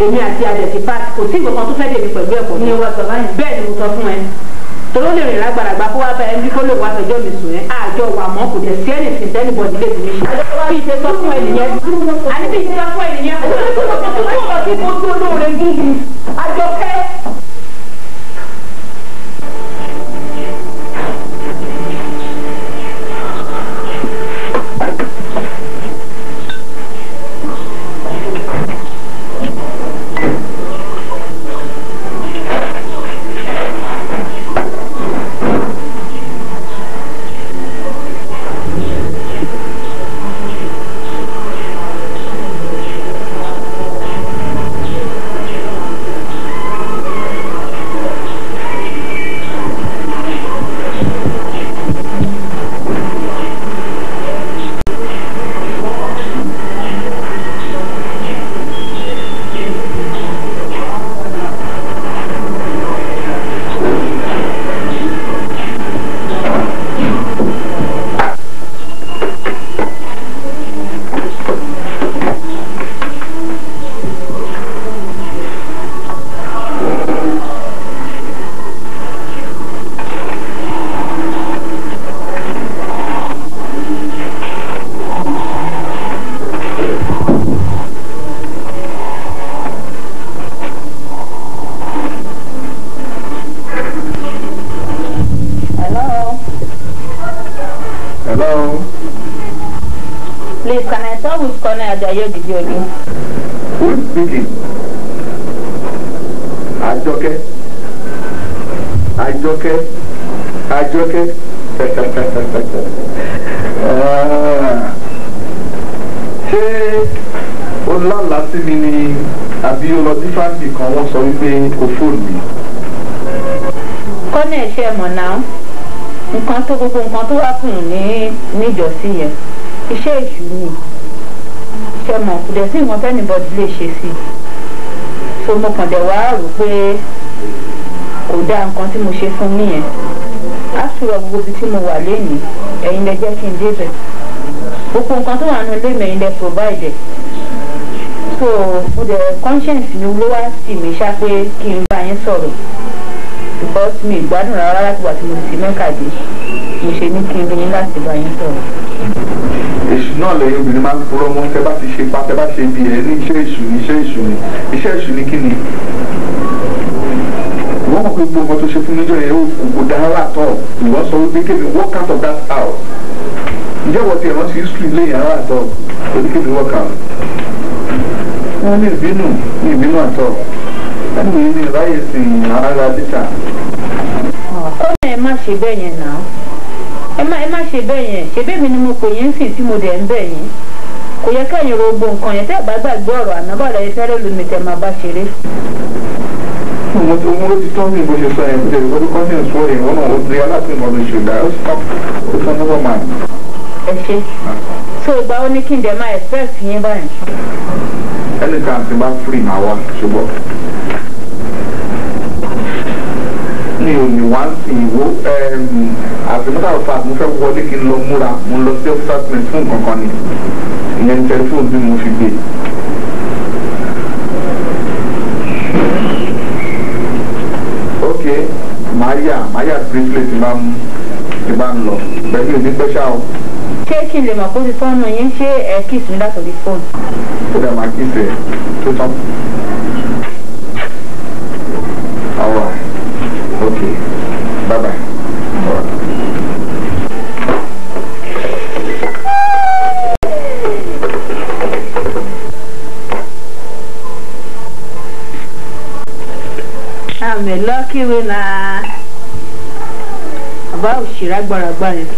èmi àti adẹ̀tí pat kò sí nǹkan tó fẹ́ dèmi pẹ̀lú ẹ̀kọ́ ní wa sọ báyìí bẹ́ẹ̀ ni mo sọ fún ẹ tòró lè rìn lágbàdàgbà kó wá bá ẹ kó lè wá fẹjọ́ mi sùn ẹ àjọ wà mọ́ kò dẹ̀ sí ẹnì sìn tẹ́nì bọ̀dì lè dùn mí ṣe. ìṣe sọ fún ẹnìyẹn àní ìṣe sọ fún ẹnìyẹn àjọkẹ́ jayé ògidì ọdún. who is speaking? àjọkẹ́ àjọkẹ́ àjọkẹ́ ṣé o lálàá sí mi ni àbí o lọ sí fáǹtì kan wọ́n sọ wípé o fóònù mi. kọ́nà ẹ̀ṣẹ̀ mọ̀ náà nǹkan tó gbogbo nǹkan tó wá kùn ní níjọ́sí yẹn iṣẹ́ ìṣù ni ṣe mọ̀ kò dẹ̀ sí nǹkan tẹ́nìbọ̀dì lè ṣe sí i so mo kàn dẹ̀ wá rò pé kò dáa nǹkan tí mo ṣe fún mi yẹn àṣùrọ̀ gbogbo ibi tí mo wà lénìí ẹ̀yin lẹ jẹ́ kí n débẹ̀ gbogbo nǹkan tó wà nínú ilé mi ẹ̀yin lẹ provide so mo dẹ̀ conscience mi ló wá sí mi ṣá pé kí n bá yín sọ̀rọ̀ because mi ìgbádùn rárá láti wà tí mo ti mẹ́ka dé mo ṣe ní kí n bí yín láti bá yín sọ̀rọ̀ èṣù náà lẹ́yìn obìnrin máa ń purọ́ mọ́ tẹ́ bá ti ṣe pa tẹ́ bá ṣe bí ẹ̀ ní iṣẹ́ èṣù ní iṣẹ́ èṣù ní iṣẹ́ èṣù ní kí ni wọ́n mọ̀ pé gbogbo ọmọ tó ṣe fún níjọ́ yẹn kò dára látọ̀ ìwọ́n sọ wípé kébì work out of that house ǹjẹ́ wọ́n ti ẹ̀rọ ti history lé yàrá àtọ̀ òbí kébì work out wọ́n ní ìbínú ní ìbínú àtọ̀ ẹni mi ní ìráyè sí ara ra títà. ó lè má ṣe bẹ́ẹ̀ yẹn náà ẹ má ẹ má ṣe bẹ́ẹ̀ yẹn ṣe bẹ́ẹ̀ mi ni mo pè yín sìn tí mo dẹ̀ ń bẹ̀ yín kò yẹ kẹ́yìn rogbo nǹkan yẹn tẹ́ ẹ̀ bá gbàgbé ọ̀rọ̀ ànábà lẹ́yìn fẹ́rẹ́ lómi tẹ́ máa bá ṣeré. mo ti mo ti tọ́ mi bó ṣe sọ yẹn bẹ́ẹ̀ lórí kọ́ sí ìṣó yẹn wọn náà ó di alápèmọ̀ ló ṣe gbà ó sì tọ́ ó sọ nígbà máa. ẹ ṣe ah. so ìgbà ó ní kí n dẹ̀ máa expect yín báyìí. ẹnì kan ti bá free máa wá ṣùgbọ́n mi ò ní wá sí ìwó àbẹ̀mọ́tà ọ̀fà mo fẹ́ wọlé kí n lọ múra mo lọ sí ọ́fíṣàtìmẹ̀tì fún kankan ni ìyẹn ní tẹlifóònù bí mo fi gbé. ok màáyà màáyà briefly ti máa ń ti máa ń lọ pẹ̀lú ìdí pẹ́ṣà o. ṣé kí n lè mọ̀ kó ti tọ́nu yín ṣé ẹ̀ kí ìsinmi látọ̀ fóònù. ó dà máa kí ìsẹ̀ tó tán. kiwe na bá òṣèré agbáragbá yẹn.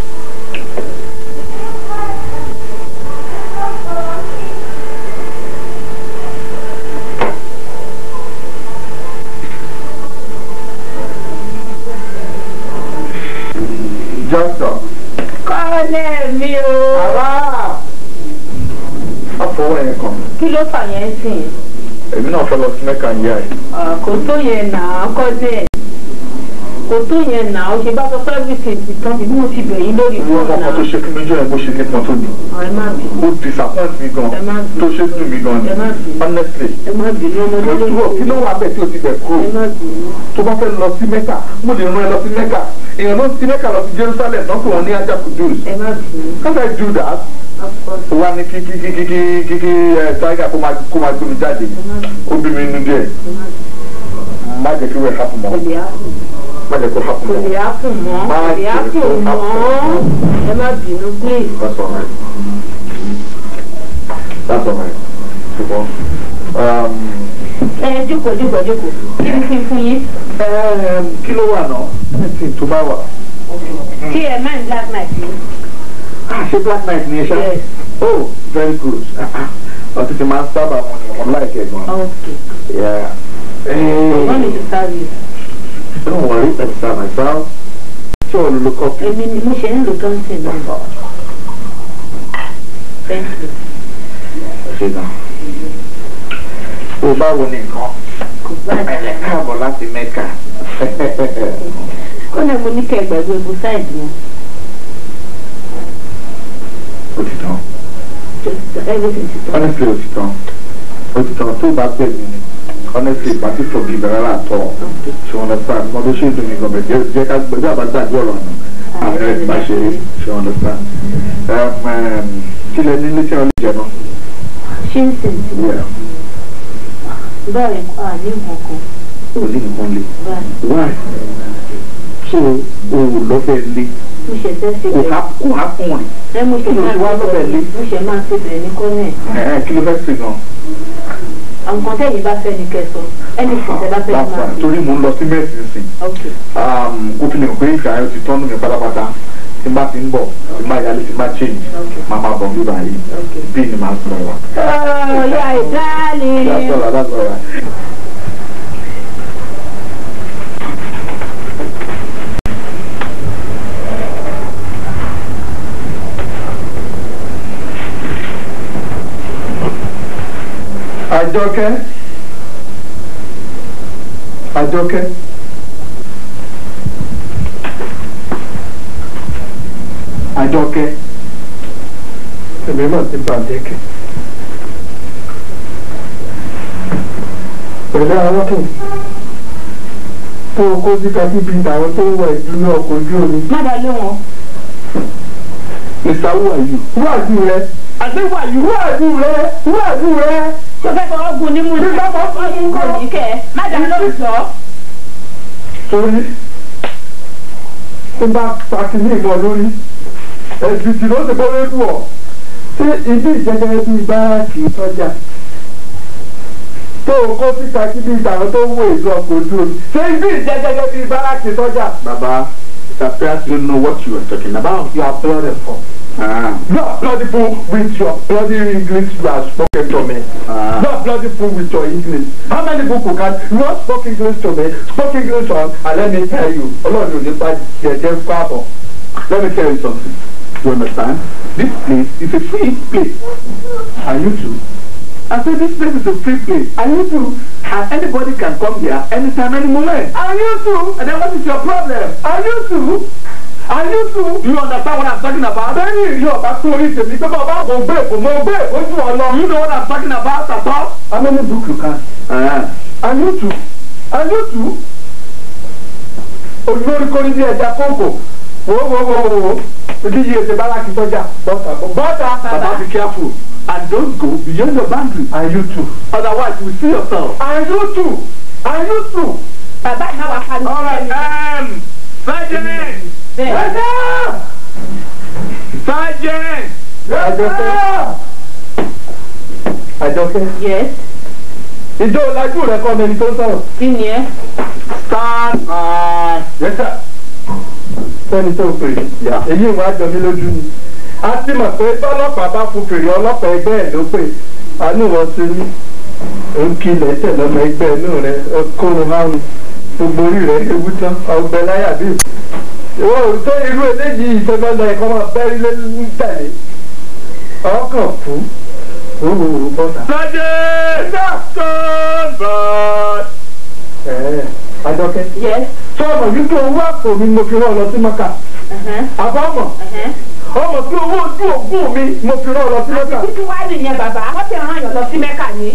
jọ́sọ̀. kọ́lẹ̀ mi o. àwa ọ̀fọwọ́ ẹ̀ kàn. kí ló fà yẹn sìn yẹn èmi náà fọlọ sí mẹ́kà ń yá ẹ̀. kò tó nà á kọ́ dẹ̀ kò tó yẹn nà ó ṣe bá sọ pé everything ti tán bí mo ti bẹ̀ yín lórí fóònù náà. ìwọ ọmọ tó ṣe fún mi jọ ẹ bó ṣe kí n kan tó mi. ó disappoint mi gan tó ṣe dùn mí gan ni honestly. lójúwọ̀ kí ló wà bẹ́ẹ̀ tí o ti bẹ̀ kúrò tó bá fẹ́ lọ sí mẹ́kà mo lè rán ẹ lọ sí mẹ́kà èèyàn ló ń ti mẹ́kà lọ sí Jerusalem náà kò wọ́n ní ajá kò jù. can't I do that? wá ní kí kí kí kí kí kí ẹ eh, tiger kó máa kó máa gbé mi jáde ó bí díẹ̀ má jẹ́ kí wẹ́ẹ̀ hápù mọ́ mọ̀lẹ́kùn hapun mọ́. kòlíà kùn mọ́ kòlíà kùn mọ́ ẹ má bínú please. that's all right that's all right ṣùgbọ́n. ẹ jókòó jókòó jókòó kí ni kí n fún yín. kí ló wà náà anything tó bá wà. kí ẹ máa black night ni. ṣé black night ni ẹ ṣá. oh very good ọtí ti máa ń sábà wọn ni wọn láìpẹ́ gan. ọ̀gbọ́n mi ti sáré. Don't worry, that's by myself. Sure, look up. I mean, mo ṣe ń lo gánsìn náà. Ah. Thank you. Ṣé náà? O báwo ni nǹkan? Kò a jẹ́. Ẹ káàbọ̀ láti Mẹ́kà. Kọ́nà mo ní kẹ́ ẹ gbàgbé ebu sáìdì wọn. Ó ti tán. Honestly, ó ti tó bá bẹ̀ mí honestly ìgbà tí forgive rárá àtọ ṣe wọn lọta mo ló ṣe dùn mí gan bẹ́ẹ̀ jẹ ká gbẹgbẹ àbájáde ọ̀rọ̀ àná àwọn ẹrẹ bá ṣe ṣe wọn lọta kí lẹ ní létí àwọn ìjẹ náà. ṣé ń sè é. bẹ́ẹ̀ a ní nǹkan kan. o ní nǹkan lè. why so o lọ́fẹ̀ẹ́ lé mo ṣe fẹ́ ṣe bẹ̀rẹ̀ kò há kùn rè. ẹ mo ṣe máa ṣe bẹ̀rẹ̀ ní kọ́nẹ̀. kí ló fẹ́ ṣe gan-an àwọn nǹkan tẹ́yìn bá fẹ́ ni kẹsàn ẹni tí ìṣẹ̀lá fẹ́ máa fi. torí mò ń lọ sí mẹ́ẹ̀sì nsìn ó fi lè pé ìfìhàn ti tọ́nu mi pátápátá tí n bá ti ń bọ̀ tí n bá yálé tí n bá change máa máa bọ̀ nígbà yìí bí ni màá sọ̀rọ̀ wa. yà ìdálẹ́. àjọkẹ́ àjọkẹ́. àjọkẹ́ èmi mà ti bàjẹ́ kẹ́ pẹ̀lú arákùnrin tó o kó síta síbi àwọn tó ń wà ìdúró ọkọ̀ ojú omi. má balẹ̀ wọn. ìsàwọ̀ àyù wáàdù rẹ. àgbẹ̀wò àyù wáàdù rẹ wáàdù rẹ tó fẹ́ fọwọ́ gun ní mú ní ọkọ̀ ní kò ní kẹ́ ẹ má dá lóhùn sọ. torí ó bá pàtì ní ìbọn lórí ẹ̀jìjì ló ti bọ́lé lù ọ́ ṣé ibi ìjẹgẹrẹ bíi báàkì sọ́jà tó o kó síta kí bíi ìgbàlọ́ tó wọ èso ọkọ̀ ojú omi ṣé ibi ìjẹgẹrẹ bíi báàkì sọ́jà. bàbá Mr. Price don't know what you are talking about. you are blood and Ah. Not bloody with your bloody English you have spoken to me. Ah. Not bloody with your English. How many people can not spoke English to me, spoke English on, and ah, let me tell you, Ọlọ́run ò ní bá jẹjẹ fábọ̀. Let me tell you something. You understand? This place is a free place. Are you too? I say this place is a free place. Are you too? And anybody can come here anytime, any moment. Are you too? And then what is your problem? Are you too? I need to. You understand what I'm talking about? Lẹ́yìn ìrí ọ̀bá tó orí tèmi pé bàbá kò gbé èkó mọ gbé èkó jù ọ lọ. You know what I'm talking about at all? How many books you can? I need to. I need to. Olórí kórìí bí ẹja kóńkò wowowowowo ojú yìí ẹsẹ̀ bára kí sọ́jà bọ́tà bọ́tà bàbá be careful and don't go beyond your boundary and you too otherwise you see yourself and you too and you too. bàbá ìnáwó akadé. all right um, sergeant. Yes, sir. Sergeant. Yes, sir. Àjọkẹ́. Yes. Ìjọ olájú rẹ̀ kọ́ mi ni tó ń sọ̀rọ̀. Kí ni ẹ? Stand by. Yes, sir. Sẹ́ni tó pè é, èyí ìwà jọ mí lójú ni. A ti mọ̀ pé tọ́lọ́pàá bá fún fèrè ọlọ́pàá ẹgbẹ́ ẹ̀ ló pè. Àánú wọn ti rí. Ó ń kí ilẹ̀ tẹ̀lé ọmọ ẹgbẹ́ inú rẹ̀ kó o máa ń gbogbo orí rẹ̀ ewu tán. Ọgbẹ́ láyà bíi ìwọ ò tó irú eléyìí ìfẹ́mọ́lá ẹ̀kọ́ máa bẹ́rí lé ń tẹ̀lé ọkàn fún òwúrò bọ́tà. Sade Sambad. Ẹ̀ẹ́ Adọ́kẹ́. Sọ ọmọ yìí tó owó àpò mi mo fi rán lọ sí Mọ́kà. Uh-huh. Àbámọ̀. Ọmọ uh-huh. tí owó ojú ògùn mi mo fi rán lọ sí Mọ́kà. Àti kúkú wá nìyẹn bàbá, wọ́n ti rán yàn lọ sí Mẹ́kà ni.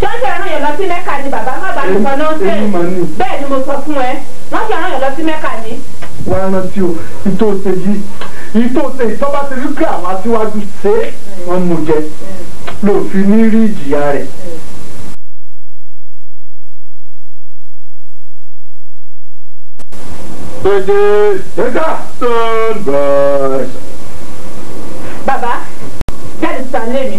Tí wọ́n ti lọ sí Mẹ́kà ni bàbá má bàa sọ náà Bẹ́ẹ̀ ni mo sọ fún ẹ, wọ́n ti rán yàn lọ sí Mẹ́kà ni wá rántí o ìtò ṣe yìí ìtò ṣe ìtọ́ba ṣe wípé àwọn aṣíwájú ṣe é wọ́n mú jẹ lòfin ní rí ìjìyà rẹ̀. Gbèdé Jẹ́gà Stone Boys. Bàbá, jáde sàn mi.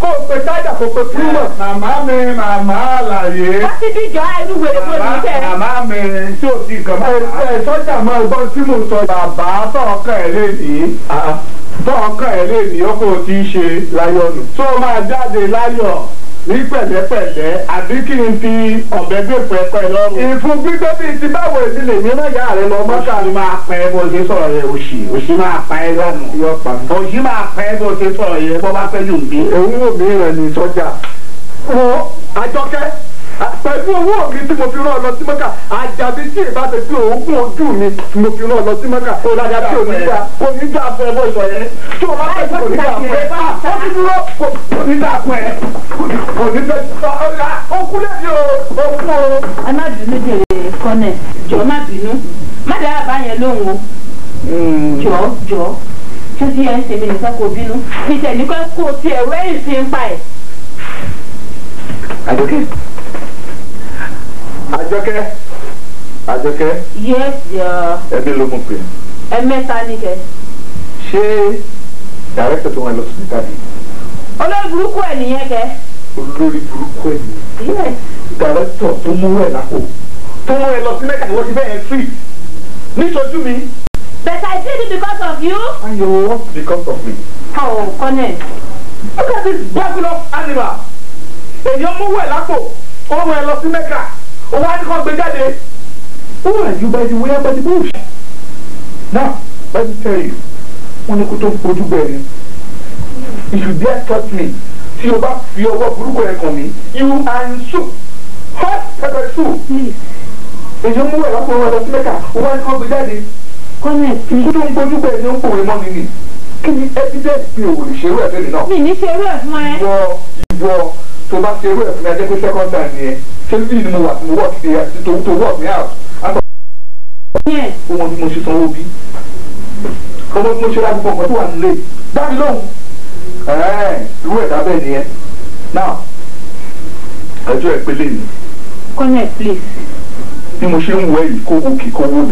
kó o pe tájà kó màmá mi màmá àlàyé. láti bí ìjọ ẹrú wèrè wo ni tẹ. màmá mi tí o ti kàn máa. ẹ sọ́jà máa gbọ́ tí mo sọ bàbá tọ́ọ̀kan ẹ̀ lénìí tọ́ọ̀kan ah, ah. ẹ̀ lénìí ó kò tí ì ṣe láyọ̀ nù. tó o máa jáde láyọ̀ ní pẹ̀lẹ́pẹ̀lẹ́ àbí kí n fi ọ̀bẹ gbé pẹ́ pẹ́ lọ́rùn. ìfun gbígbé bíi ti báwo èmi lè ní náà yá rẹ lọ mọ́tà. oṣù máa pẹ́ bó ṣe sọ̀rọ̀ yẹ oṣì oṣì máa pẹ́ lọ́rùn. oṣì máa pẹ́ bó ṣe sọ̀rọ̀ yẹ bọ́ bá fẹ́ yùn bí. òun ò mí rẹ̀ ní sọ́jà. ọ àjọkẹ́ pẹ̀lú owó mi tí mo fi rán ọ lọ sí mọ́kà àjàbí tí ìbáṣe tí òògùn ojú mi mo fi rán ọ lọ sí mọ́kà òdàdà tí onígbà onígbà fún ẹbọ ìsọ yẹn tí o bá fẹ́ kí onígbà fún ẹ ó ti dúró onígbà fún ẹ onígbà okun lẹ́yìn o okun o. ẹ má bínú jèrè kọ́nẹ̀ jọ má bínú má dára bá yẹn lóhùn o jọ jọ tí ó ti yẹ ń ṣe mí nìkan kò bínú fi tẹ̀lé kó tiẹ̀ wẹ́yìn sí ń pa ẹ̀. àdókè àjọkẹ́ àjọkẹ́. yes dear. ẹbí ló mú pé. ẹ mẹ́ta ni kẹ. ṣé dàrẹ́tọ̀ tó wọn lọ sí káàdì. olórí burúkú ẹ̀ nìyẹn kẹ. olórí burúkú ẹ̀ nìyẹn. yes. dàrẹ́tọ̀ tó mú ẹ̀ lápò tó mú ẹ lọ sí mẹ́ta ìwọ́n ti bẹ́ẹ̀ tírì nítorí mi. But I did it because of you. And you what because of me? Oh, Colonel. Look at this babble of animal. Èyí ọmọ wẹ̀ lápò, ó mú ẹ lọ sí mẹ́ka ó wá ní kó gbé jáde who are you by the way by the bush now let me tell you wọ́n ní kó tó fojú bẹ̀rẹ̀ if you dare touch me tí o bá fi ọwọ́ burúkú rẹ̀ kàn mí you and soup hot pepper soup èyí mú wẹ̀ lọ́kùnrin wọn lọ sí mẹ́ta ó wá ní kó gbé jáde kó tó ń fojú bẹ̀rẹ̀ ni ó ń pòwe mọ́ mi nìyí kí ni evidence mi ò lè ṣerú ẹ̀ fẹ́mi náà. mi ní ṣerú ẹ̀ fún ẹ tó bá ṣe irú ẹ̀ fún ẹjẹ́ pé second time nìyẹn ṣé bí ni mo wà mo work ṣe to to work me out àtọ̀ ọmọ bí mo ṣe sanwó bí ọmọ bí mo ṣe ra gbogbo nǹkan tó wà nílé dábì lóhùn irú ẹ̀ dábẹ́ nìyẹn now ẹjọ́ ẹ pélé mi. connect please. bí mo ṣe ń wọ èyí kó òkè kó wó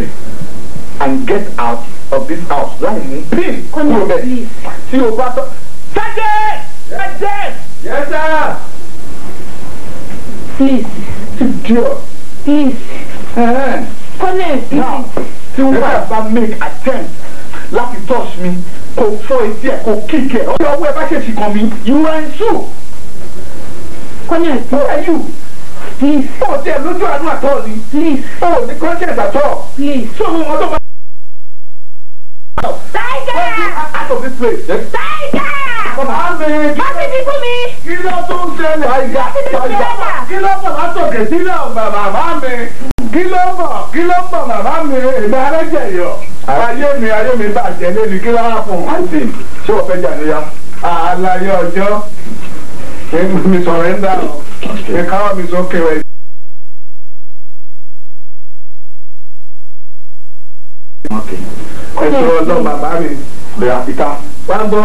and get out of this house láì mú pin Connect please. tí o bá tọ́. yes sir please. Idiot. Please. Uh-huh. Honest. Now, tí wọ́n bá make attempt láti touch me, kò fọ etí ẹ̀ kò kíkẹ̀ ọjọ́ ọwọ́ ẹ bá ṣèṣì kàn mí you are in two. Honest. Who are you? Please. Ó tiẹ̀ lójú àánú àtọ́ ni. Please. Oh, the conscience at all. Please. Sọ wọn ọdún bá. Tiger! Get out of this place. Eh? Tiger! Bàbá mi fún mi. Kí ló tún ṣẹlẹ̀? Bàjá bàjá kí ló bọ̀ látòkè sílẹ̀ ọ̀gbà bàbá mi? Kí ló bọ̀ kí ló bọ̀ bàbá mi? Èmi arẹ́jẹ̀ yọ. Ayé mi ayé mi bàjẹ́ lórí kí wọ́n á fún un. Àǹtí ṣé o fẹ́ jàdé ya? Àlàyé ọjọ́ mi sọ̀rọ̀ ń dà ọ́. Ìkáwọ́ mi sókè rẹ̀. Ẹ̀sùn ọlọ́ bàbá mi. Bẹ̀rẹ̀ àpítá. Wá gbọ́.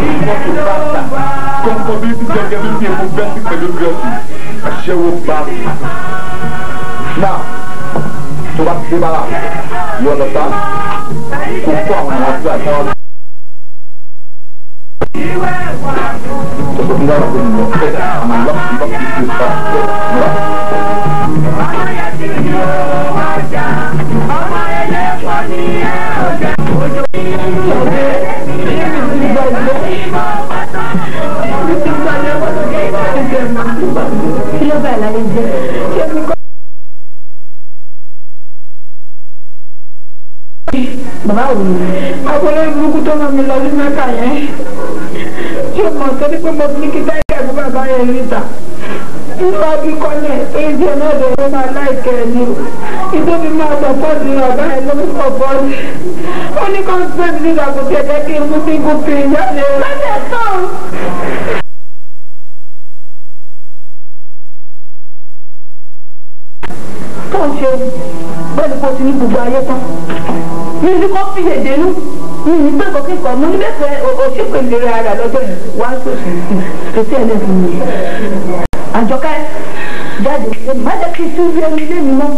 mọ́tò bàtà kọ́ńkọ́ bí ti jẹjẹ bí ti èpo bẹ́sì pẹ̀lú gírẹ́sì kí ló bá ìlànà jẹ ṣé mi kọ́. bàbá wò ni. agolo burúkú tó máa mi lọ sí mẹ́ta yẹn ṣé mo sọ irú abíkọ́lẹ̀ èyí ọlọ́dọ̀ ló máa láìkẹ́ ni o ìtòbí máa gbọ̀ pọ́ọ̀sì ọ̀gá ẹ̀ ló ń pọ̀ pọ́ọ̀sì ó ní consent ní ìdàgbòkè ẹ̀jẹ̀ kí n mú sí gúpì ìyáálé rẹ̀ tán. tó ń ṣe bẹ́ẹ̀ kó ti ní gbogbo ayé tán mi ní kó fi èdè nú mi ní pé kòkè kan mo ní bẹ́ẹ̀ fẹ́ òṣèpèlè rẹ̀ ara lọ́jọ́ yìí wá sóṣù kò sí ẹ̀ lẹ́sìn mi àjọkẹ́ jáde má jẹ́ kí tún rí omi lẹ́nu mọ́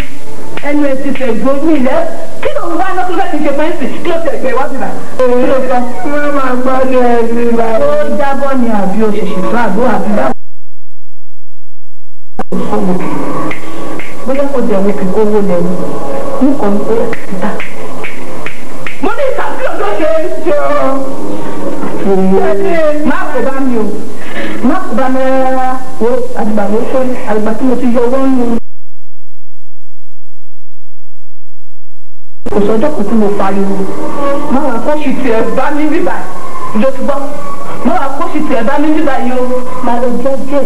ẹnu ẹ ti tẹ̀ gbó ní ilẹ̀ kí ló ń bá lọ tó fẹ́ẹ́ ṣe fẹ́ǹsì kí ló tẹ̀ gbé wájú rà. èyí ló sọ. wọ́n máa gbọ́ ní ẹni rà. ó jábọ́ ni àbí oṣooṣù tó àgbo àbí báwo. bóyá kò jẹ́ òun kì í kówó lẹ́nu mú kọ́ ní bóyá kì í ta. mo ní ìtàkùn ọjọ́ ṣe é ṣe ọ́. má kò bá mi o má kó bá mi rárá wo àgbà wo pé àgbà tí mo ti yọ wọ́n nù. kò sọ́jọ́ kan tí mo pariwo má wàá kó sì tiẹ̀ bá mi rí báyìí ìjọ ti gbọ́ má wàá kó sì tiẹ̀ bá mi rí báyìí o máa lọ jẹ́ díẹ̀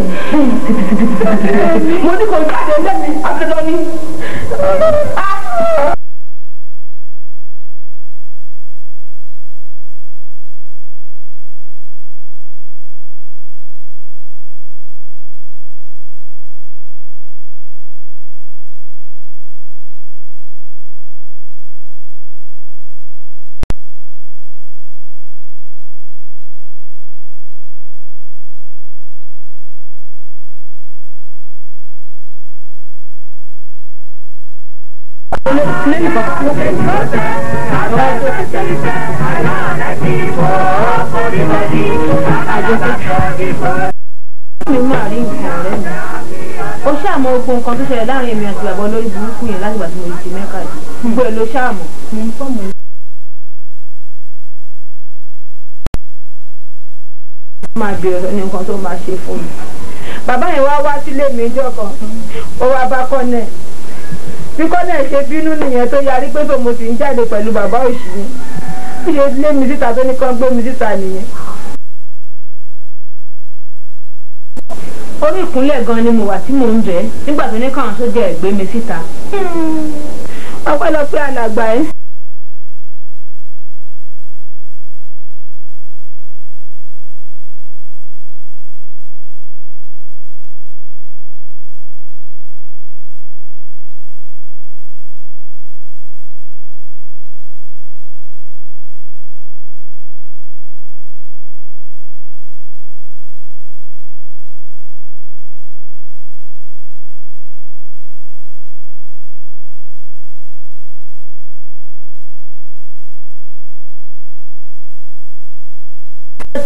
mo ní kò jáde lẹ́mi àfẹ́lọ́ní. Ah! Play for mi máa rí nǹkan ọ̀rẹ́ mi ó ṣàmọ ogun nǹkan tó ṣẹlẹ̀ láàrin èmi àti bàbá olórí burúkú yẹn láti gbàtí mo ti mẹ́ka yìí gbogbo ẹ̀ ló ṣàmọ̀. máa bẹ̀rẹ̀ nǹkan tó máa ṣe fún mi bàbá yẹn wá wá sílé mi ìjọ kan ó wá bá kọ́nẹ̀ bí kọ́nà ẹ̀ ṣe bínú nìyẹn tó yarí pé mo sì ń jáde pẹ̀lú bàbá òṣì ni bí ṣe lé mi síta tó ní kán gbé mi síta nìyẹn. orí ìkúnlẹ̀ gan ni mo wà tí mò ń jẹ́ nígbà tó ní káwọn sójà ẹ̀ gbé mi síta. Hmm. ọpẹ́lọpẹ́ alàgbà ẹ̀.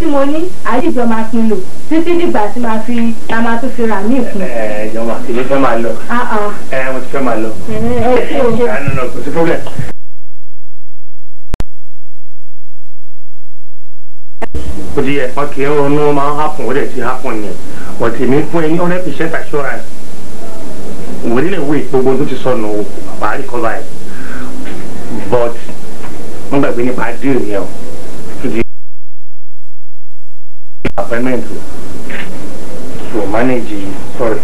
tí mo ní àyíjọ máa pin lò títí dìgbà tí máa fi ta máa tún fi rà ní ìkún. ẹ ẹ jọ̀wọ́ èmi fẹ́ máa lọ. ẹ mo ti fẹ́ máa lọ. ẹ ẹ kí o ṣe. kò sí problem. ó di ẹ wọn kì í ronú máa ń hapun ó dẹ̀ ti hapun yẹn wọ́n ti mi fún ẹ ní hundred percent assurance within a week gbogbo tó ti sọnù wàá rí kọ́ but wọ́n gbàgbé nípa deal yẹn o. appointment to manage sorry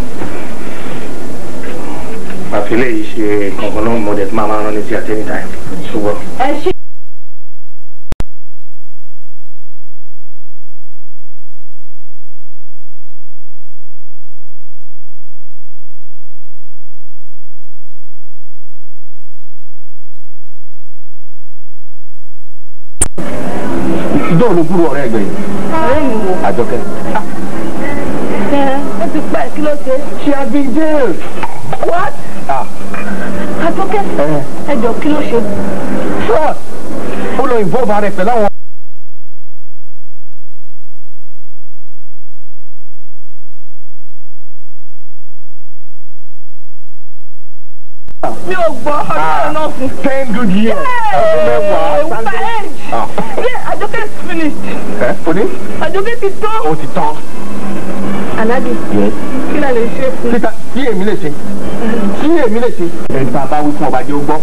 àfilẹ̀ yìí ṣe kankan náà mo dẹ̀ máa máa rán ní at any time ṣùgbọ́n. ẹ ìjọ òní kúrò ọ̀rẹ́ ẹ̀gbẹ́ yìí. ọ̀rẹ́ mi wò. àjọkẹ́. ẹ ẹ ti pẹ́ kí ló ṣe. she has been jailed. what. àjọkẹ́ ẹ jọ kí ló ṣe. fraud ó lọ involve ara ẹ̀ pẹ̀lú àwọn. mi ò gbọ́ ọdún náà ah, fún. ten good years. ọdún mẹ́wàá. ọ̀hún fẹ́ẹ́ jù àjọkẹ́ is finished. ẹ o ní. àjọkẹ́ ti tán. o ti tán. aládé. yẹ. kí la lè ṣe fún. kíta kí èmi lè ṣe. kí èmi lè ṣe. ẹni tá a bá wí fún ọba jẹ́ ó gbọ́.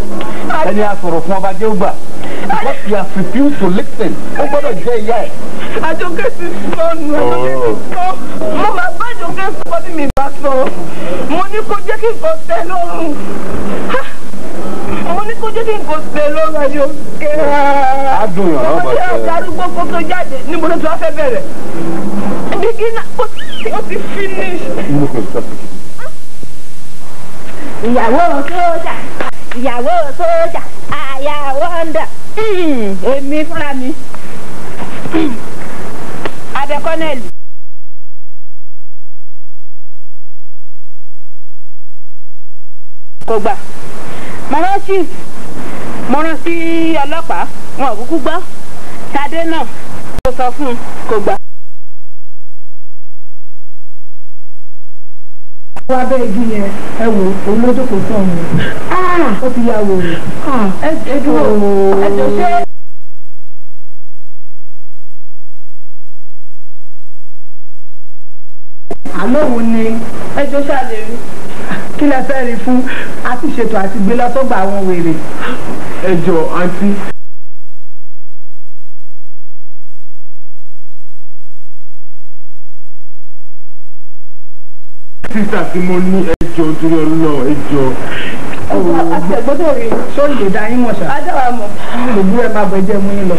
ẹni a sọ̀rọ̀ fún ọba jẹ́ gbà. but you have refused to listen. ó gbọ́dọ̀ jẹ́ ìyá ẹ̀. àjọkẹ́ ti sọnù àjọkẹ́ ti tán. mo máa bá àjọkẹ́ sọ bí mi bá sọ. mo ní kó jẹ́ kí nǹkan tẹ́ lọ́rùn àwọn oníkójú kí n kò ṣe lọ́rọ̀ ayé òkè. a dùn yàn lọ́wọ́ bàtà. ọmọdé àdúgbò kó tó jáde níbo ló ti wá fẹ́ bẹ̀rẹ̀. bìgínà ó ti finish. ìyàwó sójà ìyàwó sójà àyà wọ́ndà hmm, èmi fúnra mi adẹ́kọ́nẹ́lì. kò gbà mo rán chief mo rán sí ọlọ́pàá wọn ò kúkú gbọ́ tadé náà kò sọ fún un kò gbà. wá bẹ́ igi yẹn ẹ wò òun ló jókòó sọ ọ̀hún ah! ó ti ya wò ah! ẹ dúró oh. ẹ jọ ṣé. àlọ́ wo ni ẹ jọ ṣáà lè rí kí lẹ fẹ́ rí fún a sì ṣètò àti gbé lọ sọ́gbà àwọn wèrè. ẹ jọ àǹtí. sísà tí mo ní ẹjọ nítorí ọlọ́ọ̀ ẹjọ. àti ẹ̀gbọ́dọ̀ rè sóòlù ìdáyín mọ̀ṣá. adáwà mọ̀. gbogbo ẹ máa bọ̀ ẹjẹ́ mú yín lọ.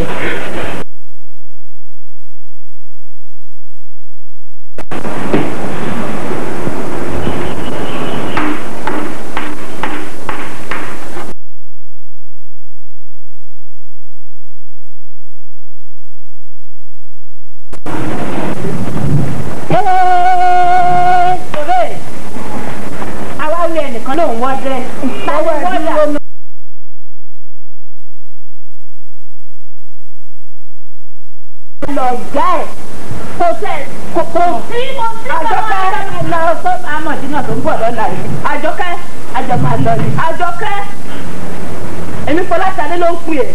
ọ̀gá ẹ̀ kò tẹ̀ kò kò sí àjọkẹ́ lọ fún amọ̀dínà tó ń bọ̀ lọ́la yìí àjọkẹ́ àjọmọ̀ àlọ́ yìí àjọkẹ́ èmi Fọláṣadé ló ń pè é.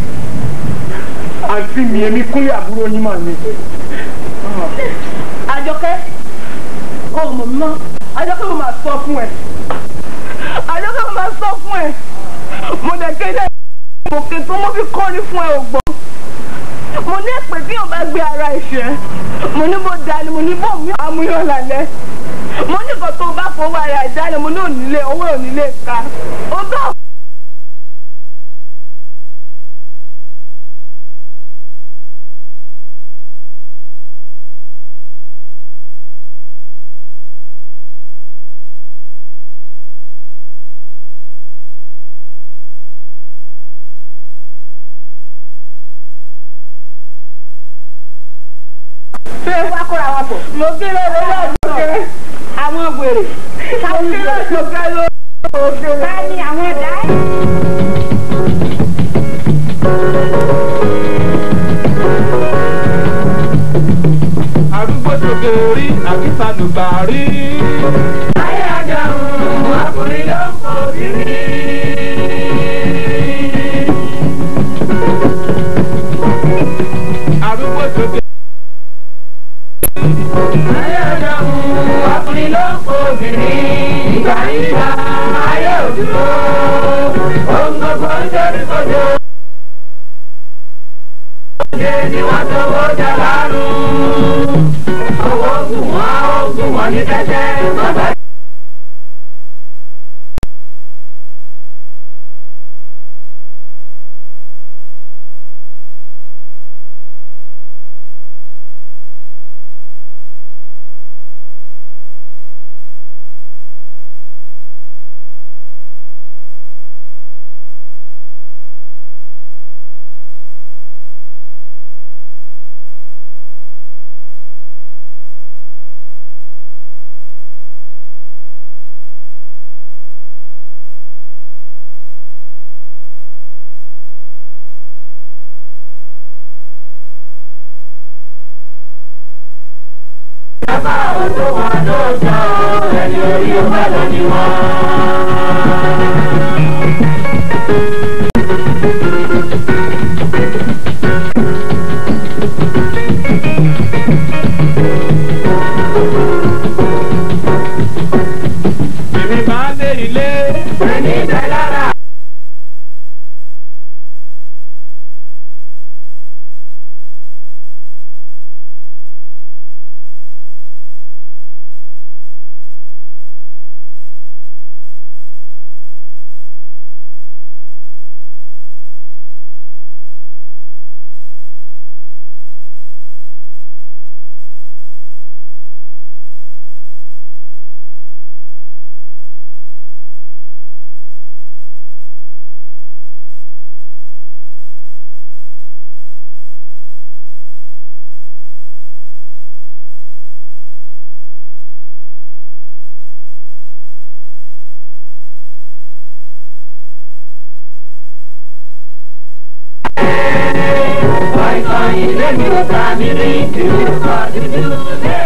àǹtí mi èmi kúnlẹ̀ àbúrò yín mà ní. àjọkẹ́ kò mọ̀ mọ́ àjọkẹ́ mo máa sọ fún ẹ àjọkẹ́ mo máa sọ fún ẹ mo dẹ̀ kéde mo tó mo fi kọ́ ni fún ẹ ò gbọ́ bá gbé ara ìṣẹ́ mo ní bó dání mo ní bó mi àmúyàn lálẹ́ mo ní nǹkan tó bá fowó ara ìdáni mo ní ònílé owó ònílé ka ó bá gbé wá kóra wọn pọ̀. mo gbé lọ́wọ́ lọ́wọ́ kéré. àwọn wèrè. táwọn gbé lọ́wọ́ lọ́wọ́ ló ń pọ̀ bí ayé ọ̀dọ́run ọkùnrin ló ń kó obìnrin ìgbà yíyá ayé òdúró ohun gbogbo ń dorí kodò. Ṣé ni wọ́n tọwọ́ jà lárùn? Owó oògùn wọn bá ojú wọn lójó ẹni orí ọgbà lónìí wọn. Life I in a new family, you to do